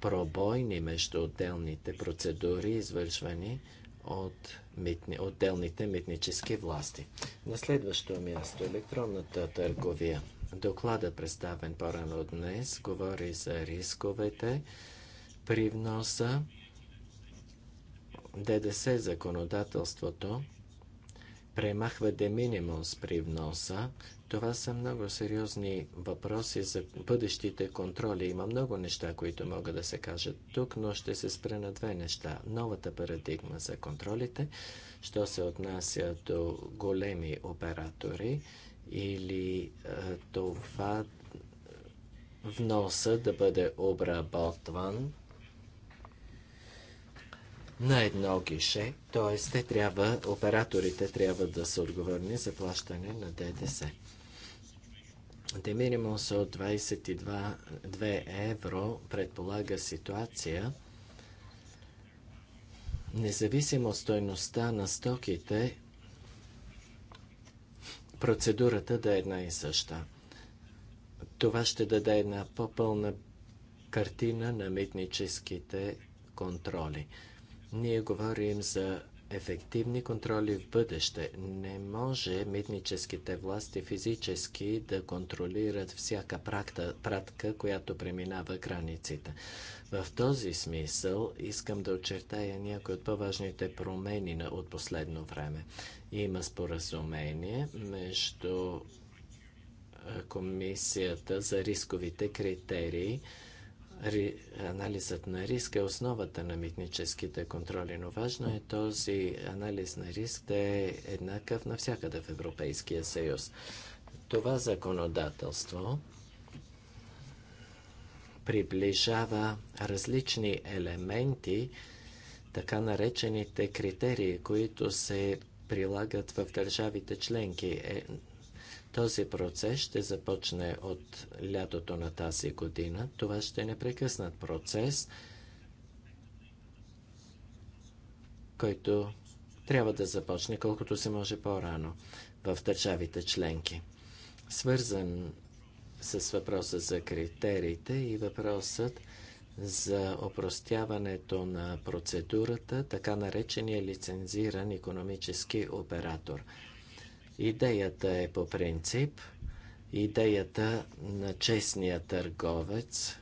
пробойни между отделните процедури, извършвани от митни, отделните митнически власти. На следващо място електронната търговия. Доклада, представен по-рано днес, говори за рисковете при вноса, ДДС законодателството премахва де минимус при вноса. Това са много сериозни въпроси за бъдещите контроли. Има много неща, които могат да се кажат тук, но ще се спре на две неща. Новата парадигма за контролите, що се отнася до големи оператори или е, това вноса да бъде обработван на едно гише, т.е. те трябва, операторите трябва да са отговорни за плащане на ДДС. Де минимус от 22 евро предполага ситуация, независимо от стойността на стоките, процедурата да е една и съща. Това ще даде една по-пълна картина на митническите контроли. Ние говорим за ефективни контроли в бъдеще. Не може митническите власти физически да контролират всяка практа, пратка, която преминава границите. В този смисъл искам да очертая някои от по-важните промени от последно време. Има споразумение между Комисията за рисковите критерии – анализът на риск е основата на митническите контроли, но важно е този анализ на риск да е еднакъв навсякъде в Европейския съюз. Това законодателство приближава различни елементи, така наречените критерии, които се прилагат в държавите членки. Е, този процес ще започне от лятото на тази година. Това ще е непрекъснат процес, който трябва да започне колкото се може по-рано в държавите членки. Свързан с въпроса за критериите и въпросът за опростяването на процедурата, така наречения лицензиран економически оператор – Идеята е по принцип идеята на честния търговец,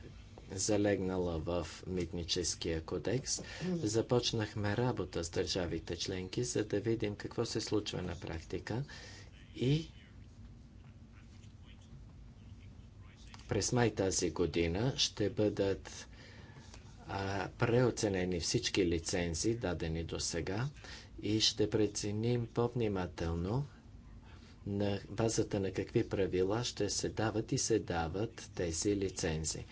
залегнала в Митническия кодекс. Започнахме работа с държавите членки, за да видим какво се случва на практика и през май тази година ще бъдат а, преоценени всички лицензии, дадени до сега и ще преценим по-внимателно на базата на какви правила ще се дават и се дават тези лицензи.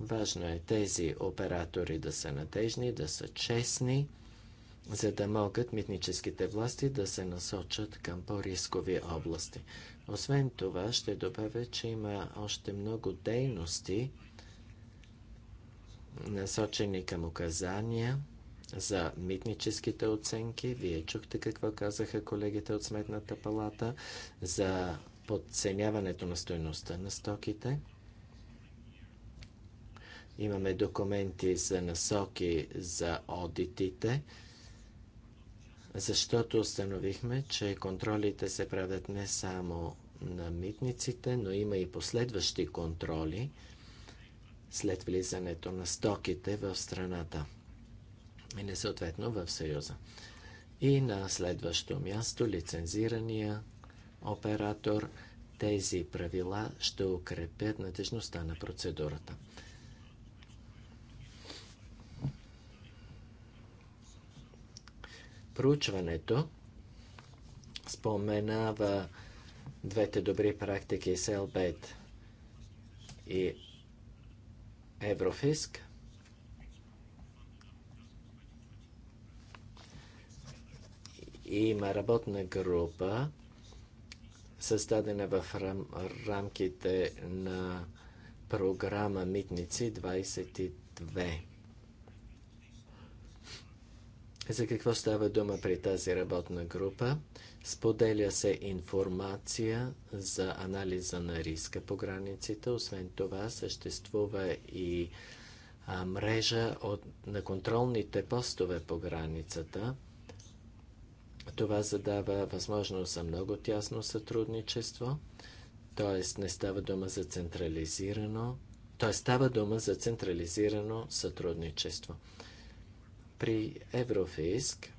Важно е тези оператори да са надежни, да са честни, за да могат митническите власти да се насочат към по-рискови области. Освен това, ще добавя, че има още много дейности, насочени към указания – за митническите оценки. Вие чухте какво казаха колегите от Сметната палата за подценяването на стоеността на стоките. Имаме документи за насоки за одитите, защото установихме, че контролите се правят не само на митниците, но има и последващи контроли след влизането на стоките в страната или съответно в Съюза. И на следващо място лицензирания оператор. Тези правила ще укрепят надежността на процедурата. Проучването споменава двете добри практики Селбет и Еврофиск. Има работна група, създадена в рам, рамките на програма Митници 22. За какво става дума при тази работна група? Споделя се информация за анализа на риска по границите. Освен това, съществува и а, мрежа от, на контролните постове по границата. Това задава възможност за много тясно сътрудничество, т.е. не става дума за централизирано, т.е. става дума за централизирано сътрудничество. При Еврофиск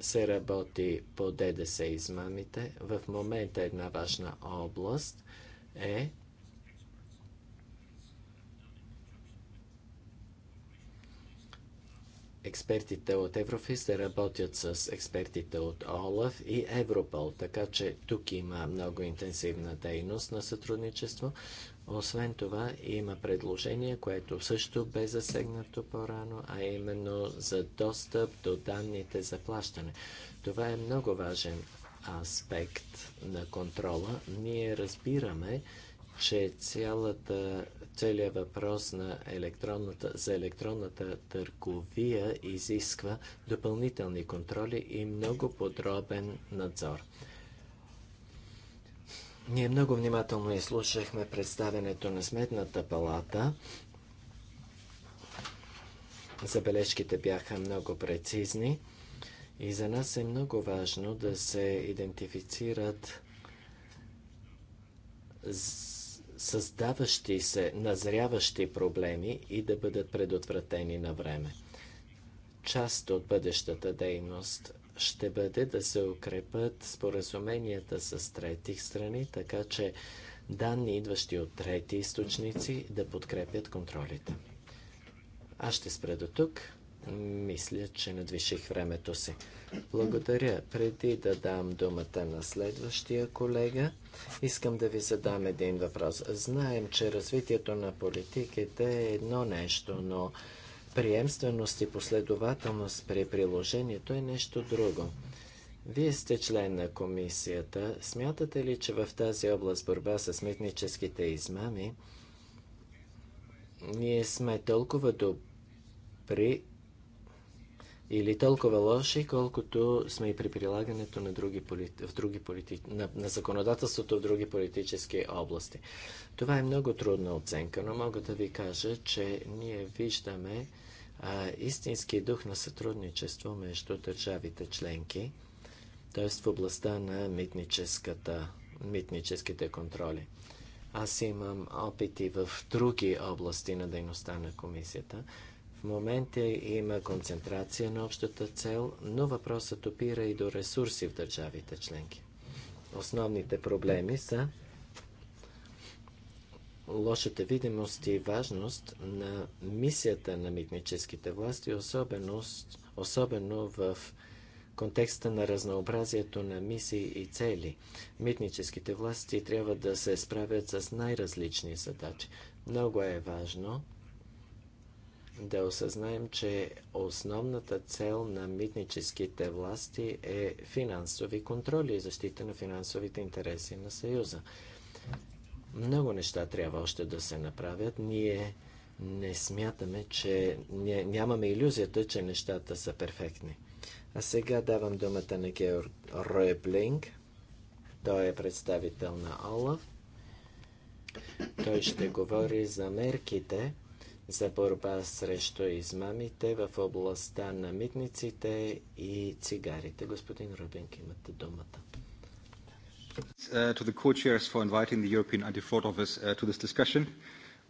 се работи по ДДС измамите. В момента една важна област е експертите от Еврофис да работят с експертите от ОЛАФ и Европол, така че тук има много интенсивна дейност на сътрудничество. Освен това има предложение, което също бе засегнато по-рано, а именно за достъп до данните за плащане. Това е много важен аспект на контрола. Ние разбираме, че цялата целият въпрос на електронната, за електронната търговия изисква допълнителни контроли и много подробен надзор. Ние много внимателно изслушахме представенето на Сметната палата. Забележките бяха много прецизни и за нас е много важно да се идентифицират създаващи се, назряващи проблеми и да бъдат предотвратени на време. Част от бъдещата дейност ще бъде да се укрепят споразуменията с трети страни, така че данни, идващи от трети източници, да подкрепят контролите. Аз ще спра до тук. Мисля, че надвиших времето си. Благодаря. Преди да дам думата на следващия колега, искам да ви задам един въпрос. Знаем, че развитието на политиките е едно нещо, но приемственост и последователност при приложението е нещо друго. Вие сте член на комисията. Смятате ли, че в тази област борба с митническите измами ние сме толкова добри, или толкова лоши, колкото сме и при прилагането на, други полити... в други полити... на, на законодателството в други политически области. Това е много трудна оценка, но мога да ви кажа, че ние виждаме а, истински дух на сътрудничество между държавите членки, т.е. в областта на митническата, митническите контроли. Аз имам опити в други области на дейността на комисията. В момента има концентрация на общата цел, но въпросът опира и до ресурси в държавите членки. Основните проблеми са лошата видимост и важност на мисията на митническите власти, особено, особено в контекста на разнообразието на мисии и цели. Митническите власти трябва да се справят с най-различни задачи. Много е важно да осъзнаем, че основната цел на митническите власти е финансови контроли и защита на финансовите интереси на Съюза. Много неща трябва още да се направят. Ние не смятаме, че нямаме иллюзията, че нещата са перфектни. А сега давам думата на Георг Ройблинг. Той е представител на ОЛАФ. Той ще говори за мерките, за борба срещу измамите в областта на митниците и цигарите. Господин Рубинк, имате думата. Uh, to the co-chairs for inviting the European Anti-Fraud Office uh, to this discussion.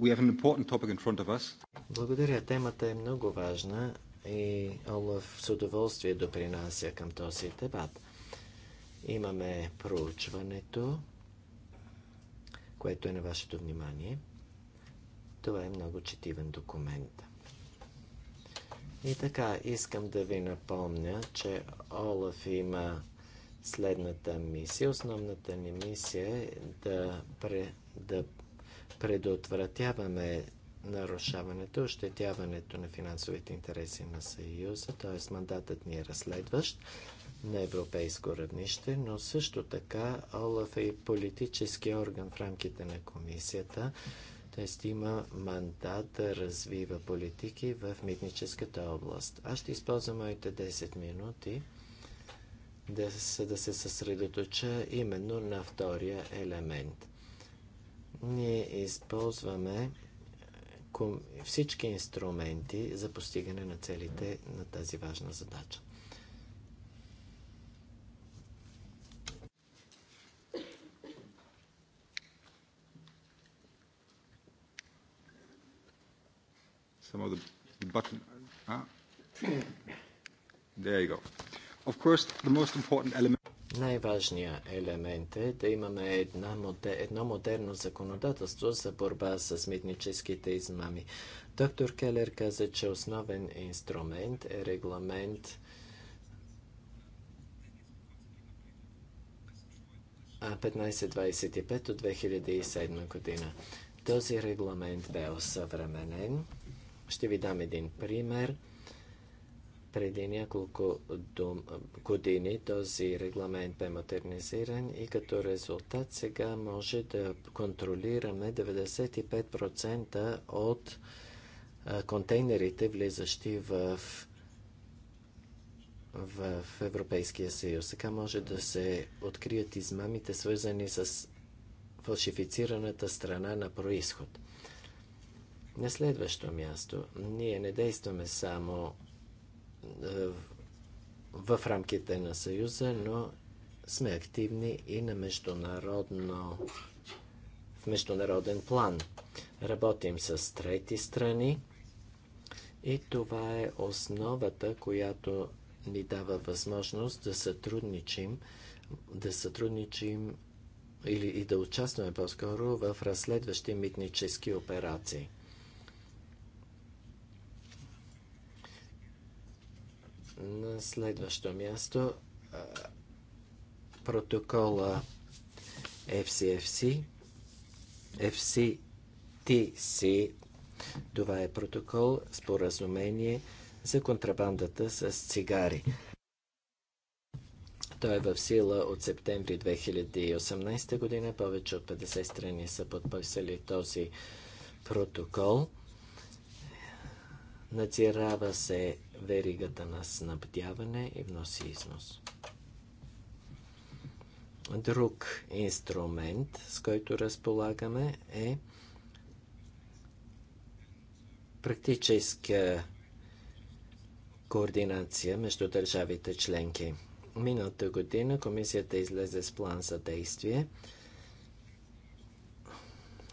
We have an important topic in front of us. Благодаря. Темата е много важна и Олаф с удоволствие допринася към този дебат. Имаме проучването, което е на вашето внимание. Това е много четивен документ. И така, искам да ви напомня, че Олаф има следната мисия. Основната ни мисия е да, пре, да предотвратяваме нарушаването, ощетяването на финансовите интереси на Съюза, т.е. мандатът ни е разследващ на европейско равнище, но също така Олаф е и политически орган в рамките на комисията. Т.е. има мандат да развива политики в митническата област. Аз ще използвам моите 10 минути да се, да се съсредоточа именно на втория елемент. Ние използваме всички инструменти за постигане на целите на тази важна задача. some of the button. Ah. There you go. Of course, the most important element. Най-важният елемент е да имаме една, едно модерно законодателство за борба с митническите измами. Доктор Келер каза, че основен инструмент е регламент А1525 от 2007 година. Този регламент бе осъвременен ще ви дам един пример. Преди няколко години този регламент бе модернизиран и като резултат сега може да контролираме 95% от контейнерите, влизащи в в Европейския съюз. Така може да се открият измамите, свързани с фалшифицираната страна на происход. На следващо място, ние не действаме само е, в рамките на Съюза, но сме активни и на международно, в международен план. Работим с трети страни и това е основата, която ни дава възможност да сътрудничим, да сътрудничим или и да участваме по-скоро в разследващи митнически операции. На следващо място протокола FCFC, FCTC, това е протокол споразумение за контрабандата с цигари. Той е в сила от септември 2018 година. Повече от 50 страни са подписали този протокол. Надзирава се веригата на снабдяване и внос и износ. Друг инструмент, с който разполагаме, е практическа координация между държавите членки. Миналата година комисията излезе с план за действие,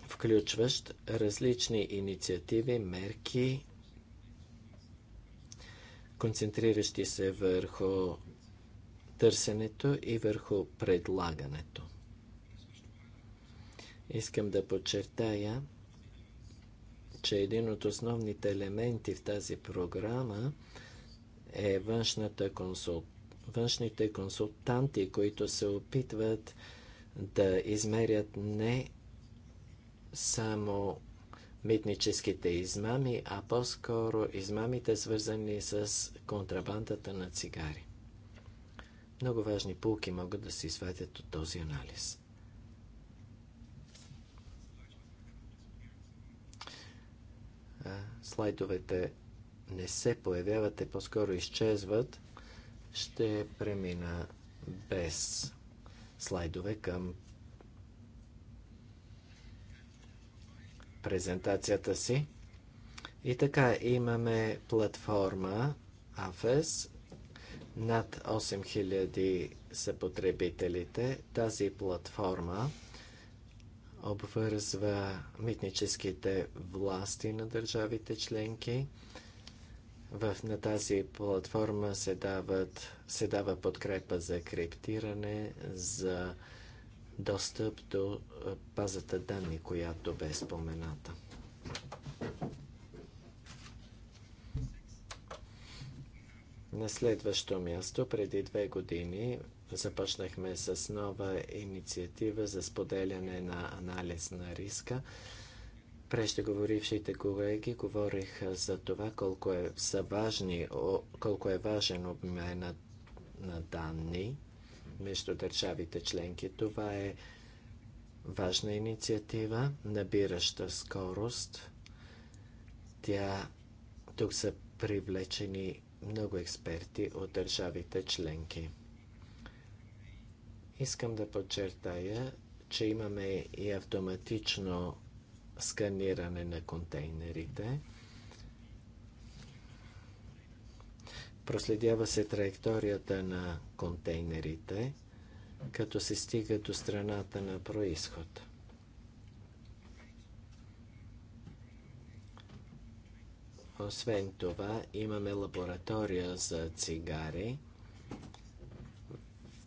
включващ различни инициативи, мерки концентриращи се върху търсенето и върху предлагането. Искам да подчертая, че един от основните елементи в тази програма е външната консул... външните консултанти, които се опитват да измерят не само митническите измами, а по-скоро измамите свързани с контрабандата на цигари. Много важни пулки могат да се извадят от този анализ. Слайдовете не се появяват, те по-скоро изчезват. Ще премина без слайдове към презентацията си. И така, имаме платформа AFES. Над 8000 са потребителите. Тази платформа обвързва митническите власти на държавите членки. В, на тази платформа се, дават, се дава подкрепа за криптиране, за достъп до базата данни, която бе спомената. На следващо място, преди две години, започнахме с нова инициатива за споделяне на анализ на риска. Прещеговорившите колеги говориха за това колко е, са важни, колко е важен обмен на данни между държавите членки. Това е важна инициатива, набираща скорост. Тя тук са привлечени много експерти от държавите членки. Искам да подчертая, че имаме и автоматично сканиране на контейнерите. проследява се траекторията на контейнерите, като се стига до страната на происход. Освен това, имаме лаборатория за цигари.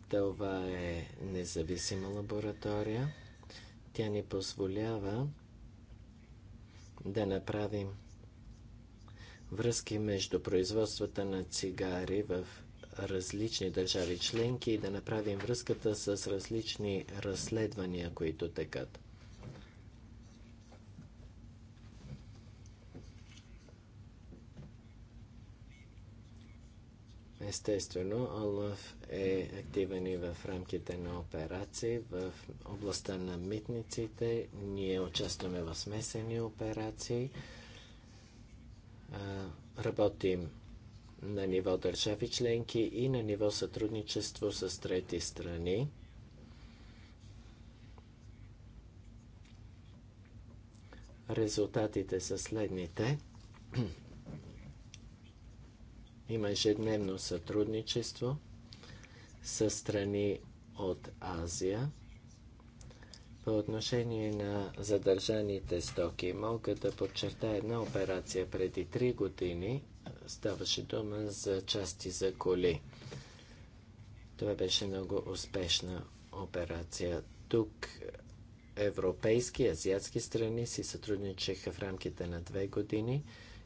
Това е независима лаборатория. Тя ни позволява да направим връзки между производствата на цигари в различни държави членки и да направим връзката с различни разследвания, които текат. Естествено, ОЛАФ е активен и в рамките на операции в областта на митниците. Ние участваме в смесени операции работим на ниво държави членки и на ниво сътрудничество с трети страни. Резултатите са следните. Има ежедневно сътрудничество с страни от Азия – по отношение на задържаните стоки, мога да подчертая една операция преди 3 години. Ставаше дума за части за коли. Това беше много успешна операция. Тук европейски и азиатски страни си сътрудничаха в рамките на две години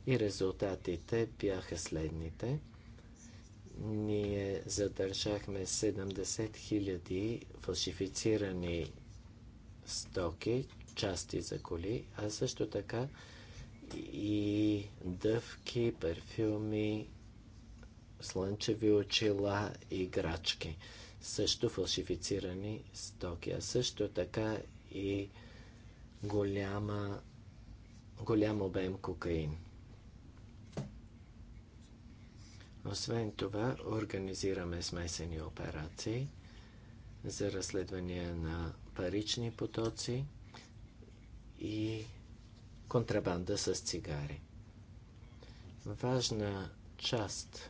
и резултатите бяха следните. Ние задържахме 70 000 фалшифицирани стоки, части за коли, а също така и дъвки, парфюми, слънчеви очила, играчки. Също фалшифицирани стоки, а също така и голяма, голям обем кокаин. Освен това, организираме смесени операции за разследвания на парични потоци и контрабанда с цигари. Важна част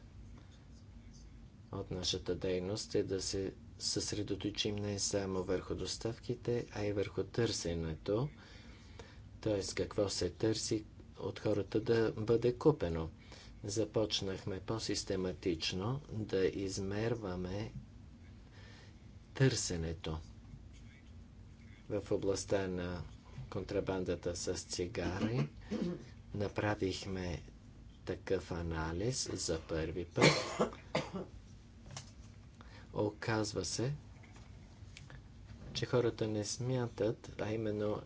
от нашата дейност е да се съсредоточим не само върху доставките, а и върху търсенето, т.е. какво се търси от хората да бъде купено. Започнахме по-систематично да измерваме търсенето в областта на контрабандата с цигари. Направихме такъв анализ за първи път. Оказва се, че хората не смятат, а именно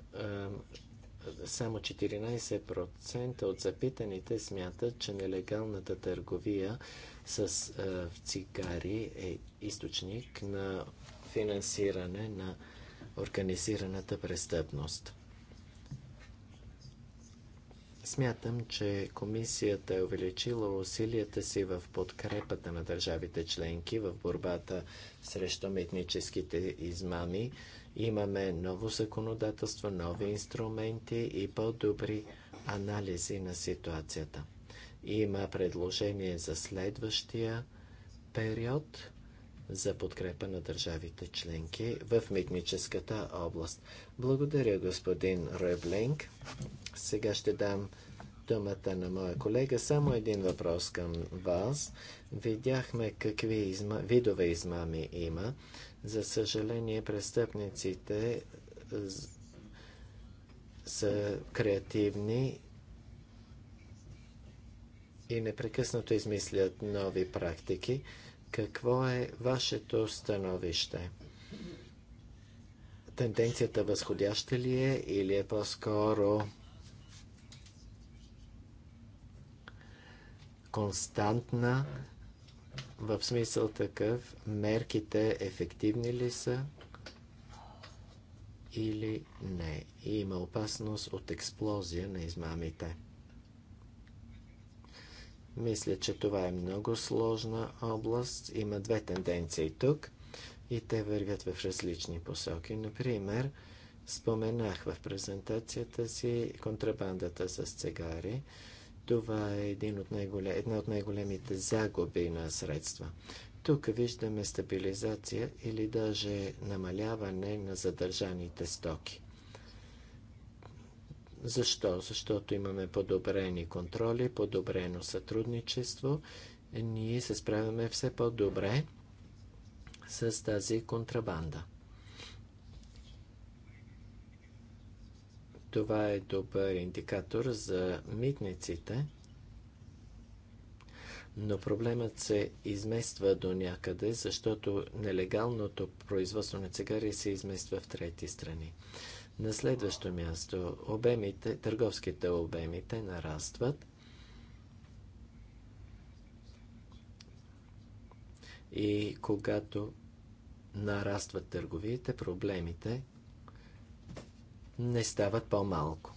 само 14% от запитаните смятат, че нелегалната търговия с цигари е източник на финансиране на организираната престъпност. Смятам, че комисията е увеличила усилията си в подкрепата на държавите членки в борбата срещу митническите измами. Имаме ново законодателство, нови инструменти и по-добри анализи на ситуацията. Има предложение за следващия период за подкрепа на държавите членки в митническата област. Благодаря, господин Реблинг. Сега ще дам думата на моя колега. Само един въпрос към вас. Видяхме какви изма... видове измами има. За съжаление, престъпниците са креативни и непрекъснато измислят нови практики. Какво е вашето становище? Тенденцията възходяща ли е или е по-скоро константна, в смисъл такъв, мерките ефективни ли са или не. И има опасност от експлозия на измамите. Мисля, че това е много сложна област. Има две тенденции тук и те вървят в различни посоки. Например, споменах в презентацията си контрабандата с цигари. Това е един от най-голем, една от най-големите загуби на средства. Тук виждаме стабилизация или даже намаляване на задържаните стоки. Защо? Защото имаме подобрени контроли, подобрено сътрудничество. Ние се справяме все по-добре с тази контрабанда. Това е добър индикатор за митниците, но проблемът се измества до някъде, защото нелегалното производство на цигари се измества в трети страни. На следващо място, обемите, търговските обеми, те нарастват. И когато нарастват търговиите, проблемите не стават по-малко.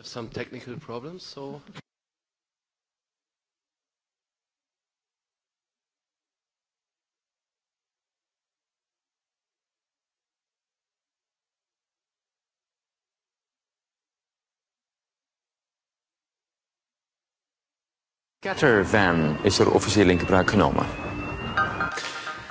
have some technical problems, so Scattervan is er officieel in gebruik genomen.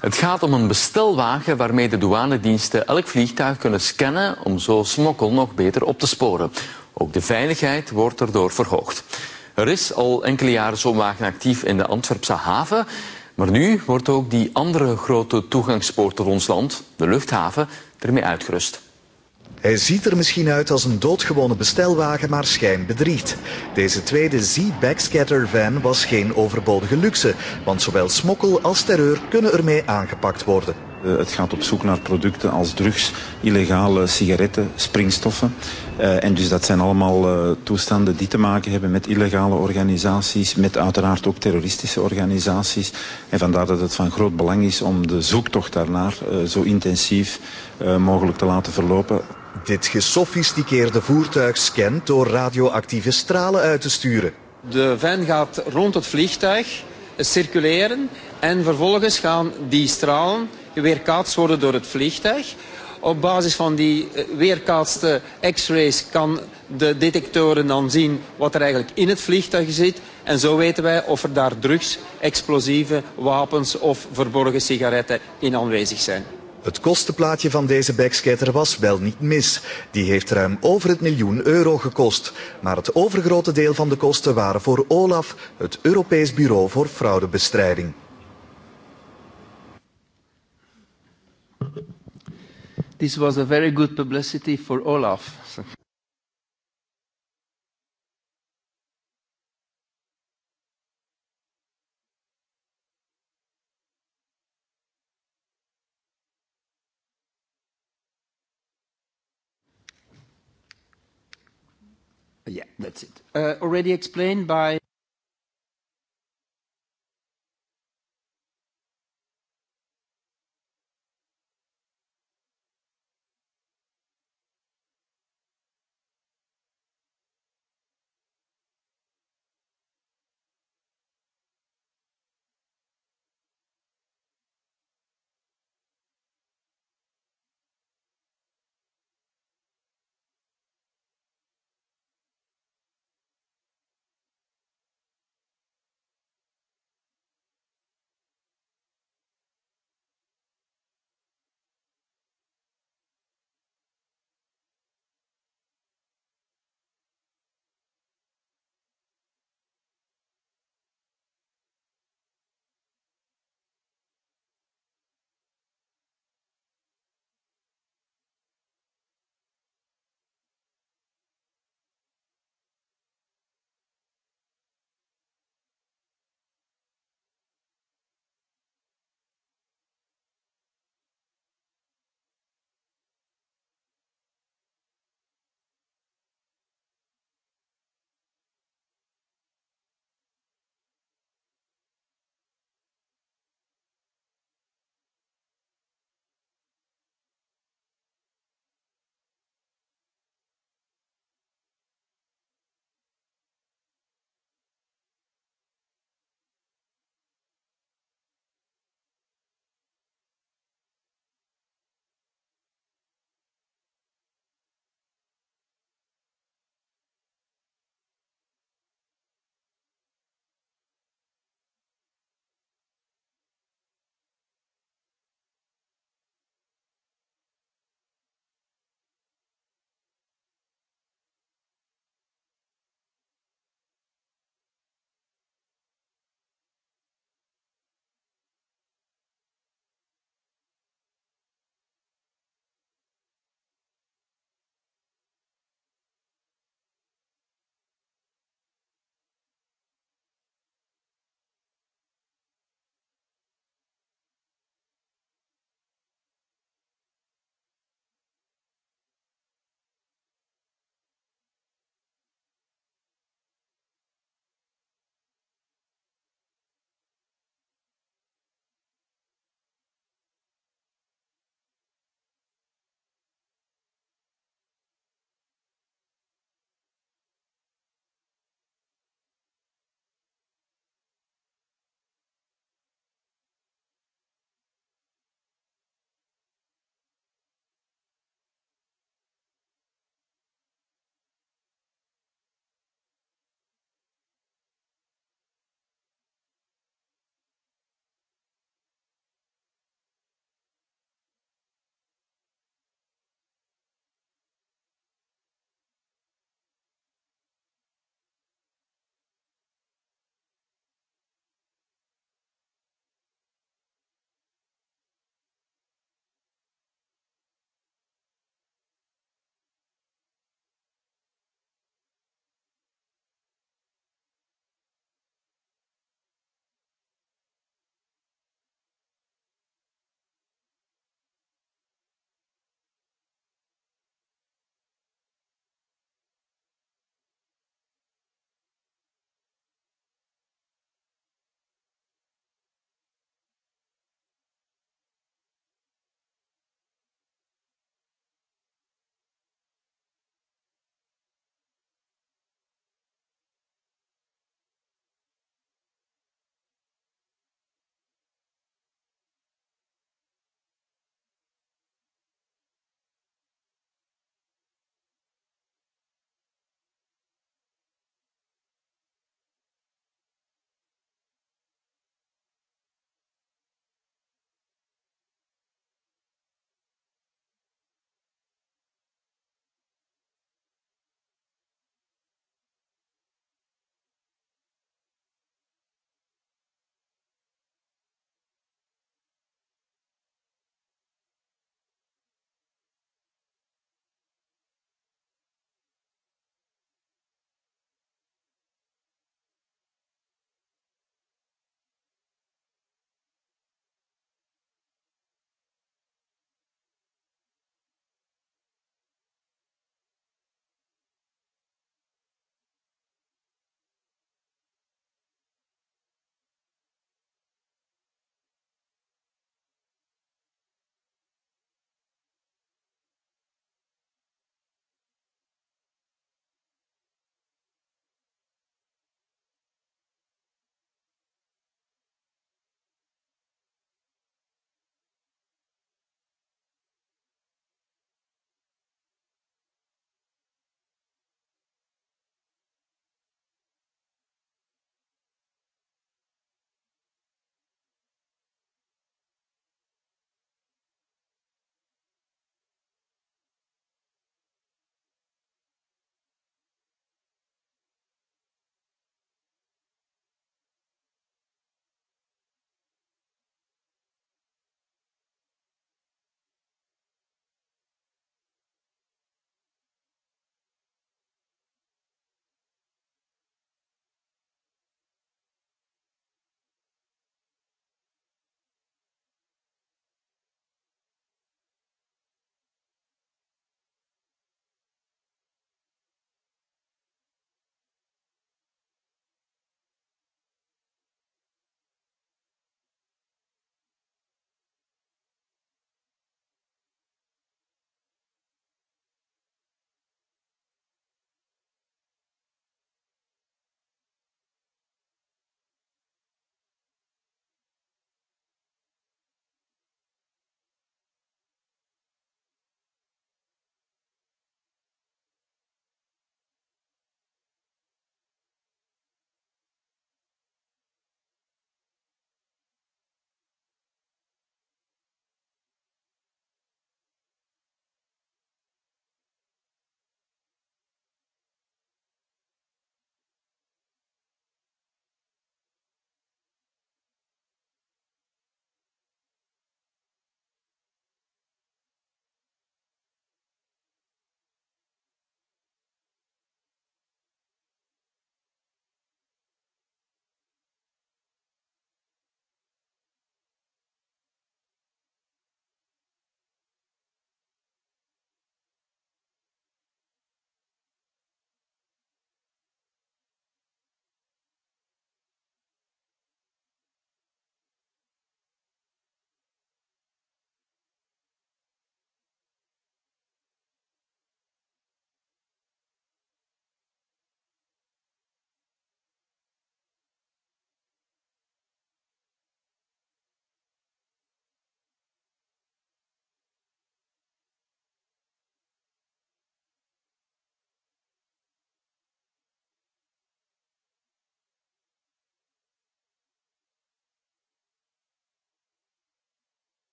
Het gaat om een bestelwagen waarmee de douanediensten elk vliegtuig kunnen scannen om zo smokkel nog beter op te sporen. Ook de veiligheid wordt erdoor verhoogd. Er is al enkele jaren zo'n wagen actief in de Antwerpse haven. Maar nu wordt ook die andere grote toegangspoort tot ons land, de luchthaven, ermee uitgerust. Hij ziet er misschien uit als een doodgewone bestelwagen, maar schijn bedriegt. Deze tweede Z-Backscatter van was geen overbodige luxe, want zowel smokkel als terreur kunnen ermee aangepakt worden het gaat op zoek naar producten als drugs, illegale sigaretten, springstoffen. en dus dat zijn allemaal toestanden die te maken hebben met illegale organisaties, met uiteraard ook terroristische organisaties. En vandaar dat het van groot belang is om de zoektocht daarnaar zo intensief mogelijk te laten verlopen. Dit gesofisticeerde voertuig scant door radioactieve stralen uit te sturen. De van gaat rond het vliegtuig circuleren en vervolgens gaan die stralen weerkaatst worden door het vliegtuig. Op basis van die weerkaatste x-rays kan de detectoren dan zien wat er eigenlijk in het vliegtuig zit. En zo weten wij of er daar drugs, explosieven, wapens of verborgen sigaretten in aanwezig zijn. Het kostenplaatje van deze backscatter was wel niet mis. Die heeft ruim over het miljoen euro gekost. Maar het overgrote deel van de kosten waren voor OLAF, het Europees Bureau voor Fraudebestrijding. This was a very good publicity for Olaf. Yeah, that's it. Uh, already explained by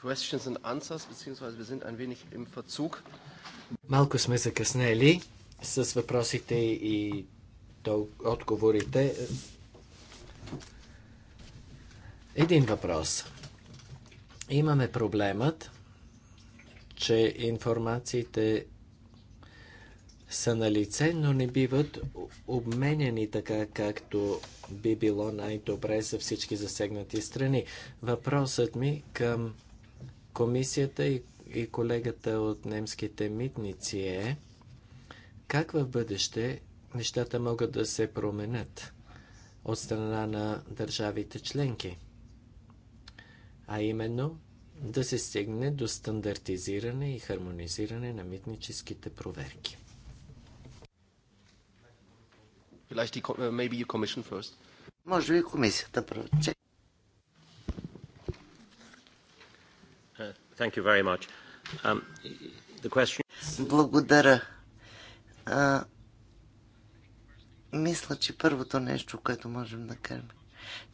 questions and answers, beziehungsweise wir sind ein wenig im Verzug. Малко сме закъснели с въпросите и отговорите. Един въпрос. Имаме проблемът, че информациите са на лице, но не биват обменяни така, както би било най-добре за всички засегнати страни. Въпросът ми към комисията и, и колегата от немските митници е как в бъдеще нещата могат да се променят от страна на държавите членки. А именно да се стигне до стандартизиране и хармонизиране на митническите проверки. Може би комисията Um, Благодаря. А, мисля, че първото нещо, което можем да кажем,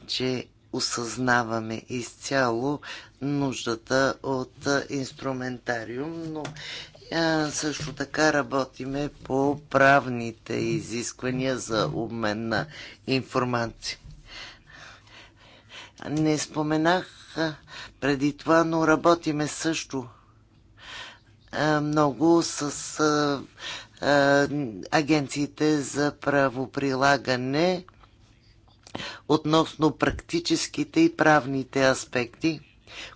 че осъзнаваме изцяло нуждата от инструментариум, но също така работиме по правните изисквания за обмен на информация. Не споменах е, преди това, но работиме също е, много с е, агенциите за правоприлагане относно практическите и правните аспекти,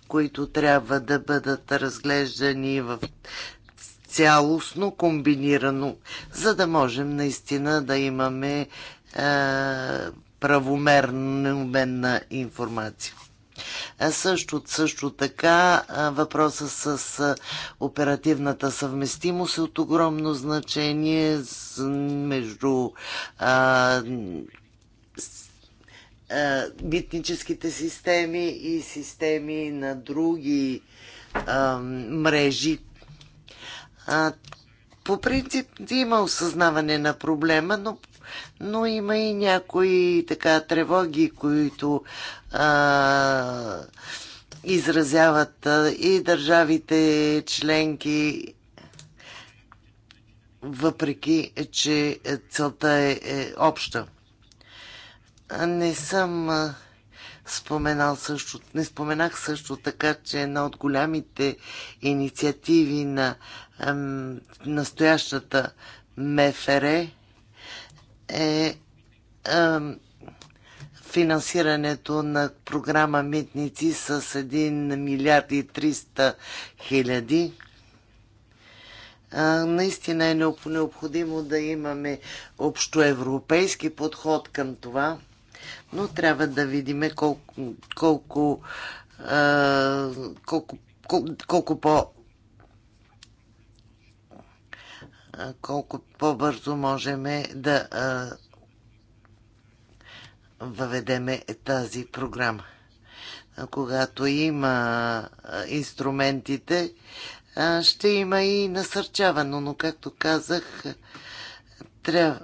които трябва да бъдат разглеждани в цялостно, комбинирано, за да можем наистина да имаме е, правомерно обмен на информация. Също, също така въпроса с оперативната съвместимост е от огромно значение между битническите системи и системи на други а, мрежи. А, по принцип има осъзнаване на проблема, но но има и някои така тревоги, които а, изразяват и държавите членки, въпреки че целта е, е обща. Не съм споменал също, не споменах също така, че една от голямите инициативи на настоящата МФР е, е финансирането на програма Митници с 1 милиард и 300 хиляди. Наистина е необходимо да имаме общоевропейски подход към това, но трябва да видим колко, колко, колко, колко, колко по колко по-бързо можем да въведеме тази програма. Когато има инструментите, ще има и насърчавано, но както казах, трябва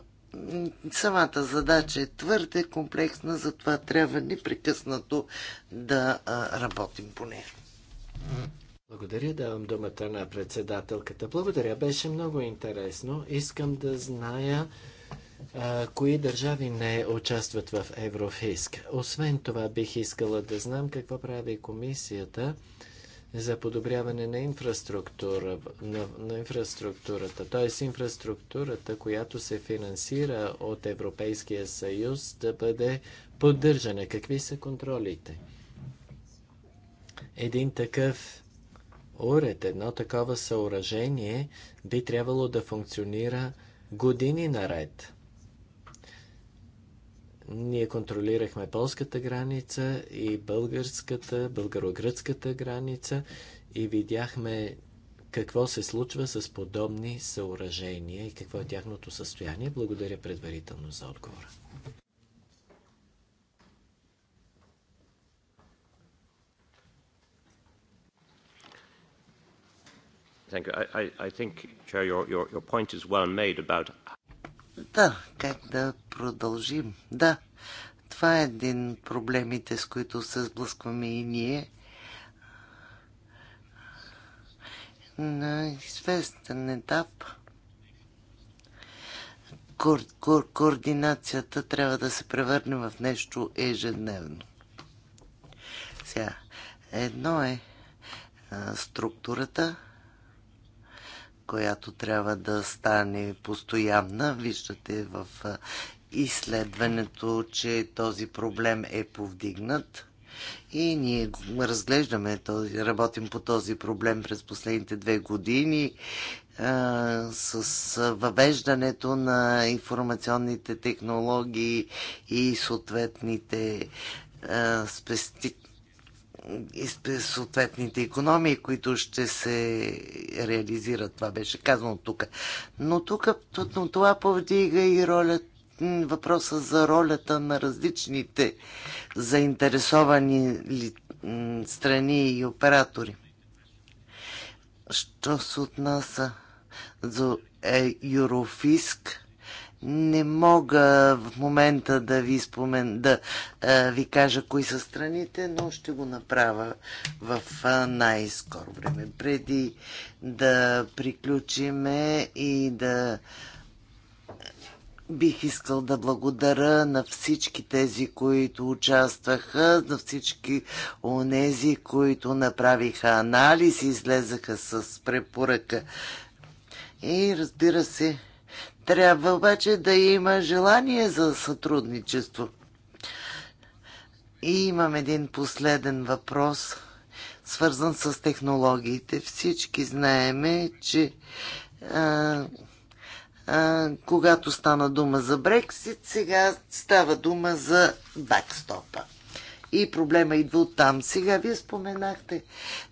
самата задача е твърде комплексна, затова трябва непрекъснато да работим по нея. Благодаря, давам думата на председателката. Благодаря, беше много интересно. Искам да зная а, кои държави не участват в Еврофиск. Освен това, бих искала да знам какво прави комисията за подобряване на, инфраструктура, на, на инфраструктурата, т.е. инфраструктурата, която се финансира от Европейския съюз, да бъде поддържана. Какви са контролите? Един такъв уред, едно такова съоръжение би трябвало да функционира години наред. Ние контролирахме полската граница и българската, българо-гръцката граница и видяхме какво се случва с подобни съоръжения и какво е тяхното състояние. Благодаря предварително за отговора. Thank you. I, I I think, Chair, your, your, your point is well made about... Да, как да продължим. Да, това е един проблемите, с които се сблъскваме и ние. На известен етап ко- ко- координацията трябва да се превърне в нещо ежедневно. Сега, едно е а, структурата, която трябва да стане постоянна. Виждате в изследването, че този проблем е повдигнат. И ние разглеждаме, този, работим по този проблем през последните две години а, с въвеждането на информационните технологии и съответните спести, съответните економии, които ще се реализират. Това беше казано тук. Но тук това повдига и роля, въпроса за ролята на различните заинтересовани страни и оператори. Що се отнася за е, Юрофиск? Не мога в момента да ви, спомен, да а, ви кажа кои са страните, но ще го направя в най-скоро време. Преди да приключиме и да бих искал да благодаря на всички тези, които участваха, на всички онези, които направиха анализ и излезаха с препоръка. И разбира се, трябва обаче да има желание за сътрудничество. И имам един последен въпрос, свързан с технологиите. Всички знаеме, че а, а, когато стана дума за Брексит, сега става дума за бакстопа. И проблема идва от там. Сега вие споменахте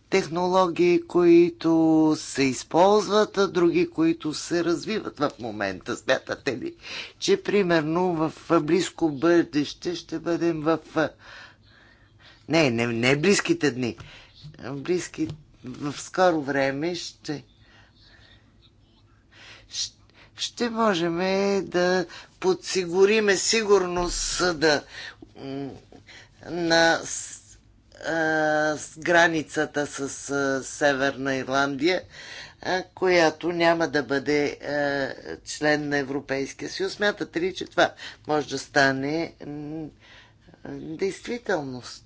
технологии, които се използват, а други, които се развиват в момента. Смятате ли, че примерно в близко бъдеще ще бъдем в... Не, не, не близките дни. Близки... В скоро време ще... Ще можем да подсигуриме сигурност да, на границата с Северна Ирландия, която няма да бъде член на Европейския съюз. Смятате ли, че това може да стане действителност?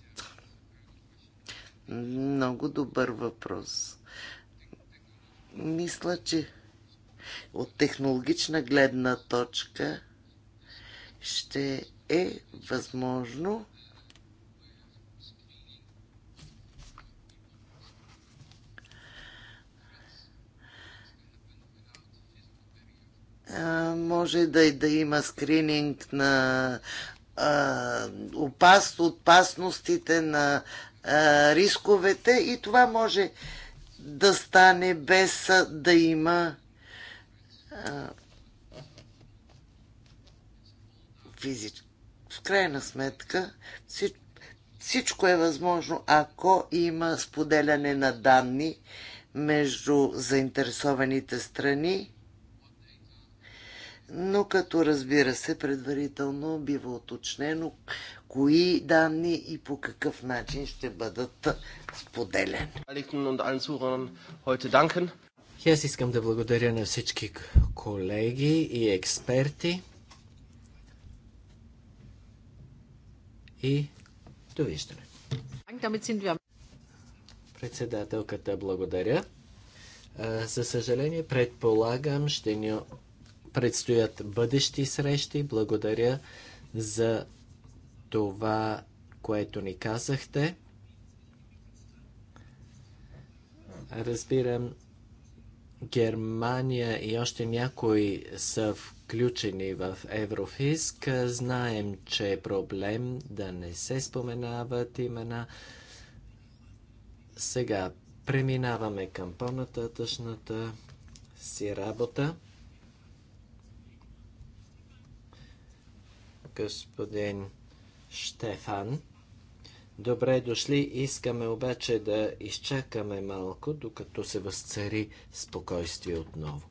Много добър въпрос. Мисля, че от технологична гледна точка ще е възможно може да, да има скрининг на а, опас, опасностите, на а, рисковете и това може да стане без да има физич. В крайна сметка всичко е възможно, ако има споделяне на данни между заинтересованите страни но като разбира се, предварително бива уточнено кои данни и по какъв начин ще бъдат споделени. аз искам да благодаря на всички колеги и експерти. И довиждане. Председателката благодаря. За съжаление, предполагам, ще ни Предстоят бъдещи срещи. Благодаря за това, което ни казахте. Разбирам, Германия и още някои са включени в Еврофиск. Знаем, че е проблем да не се споменават имена. Сега преминаваме към по-нататъчната си работа. господин Штефан. Добре дошли, искаме обаче да изчакаме малко, докато се възцари спокойствие отново.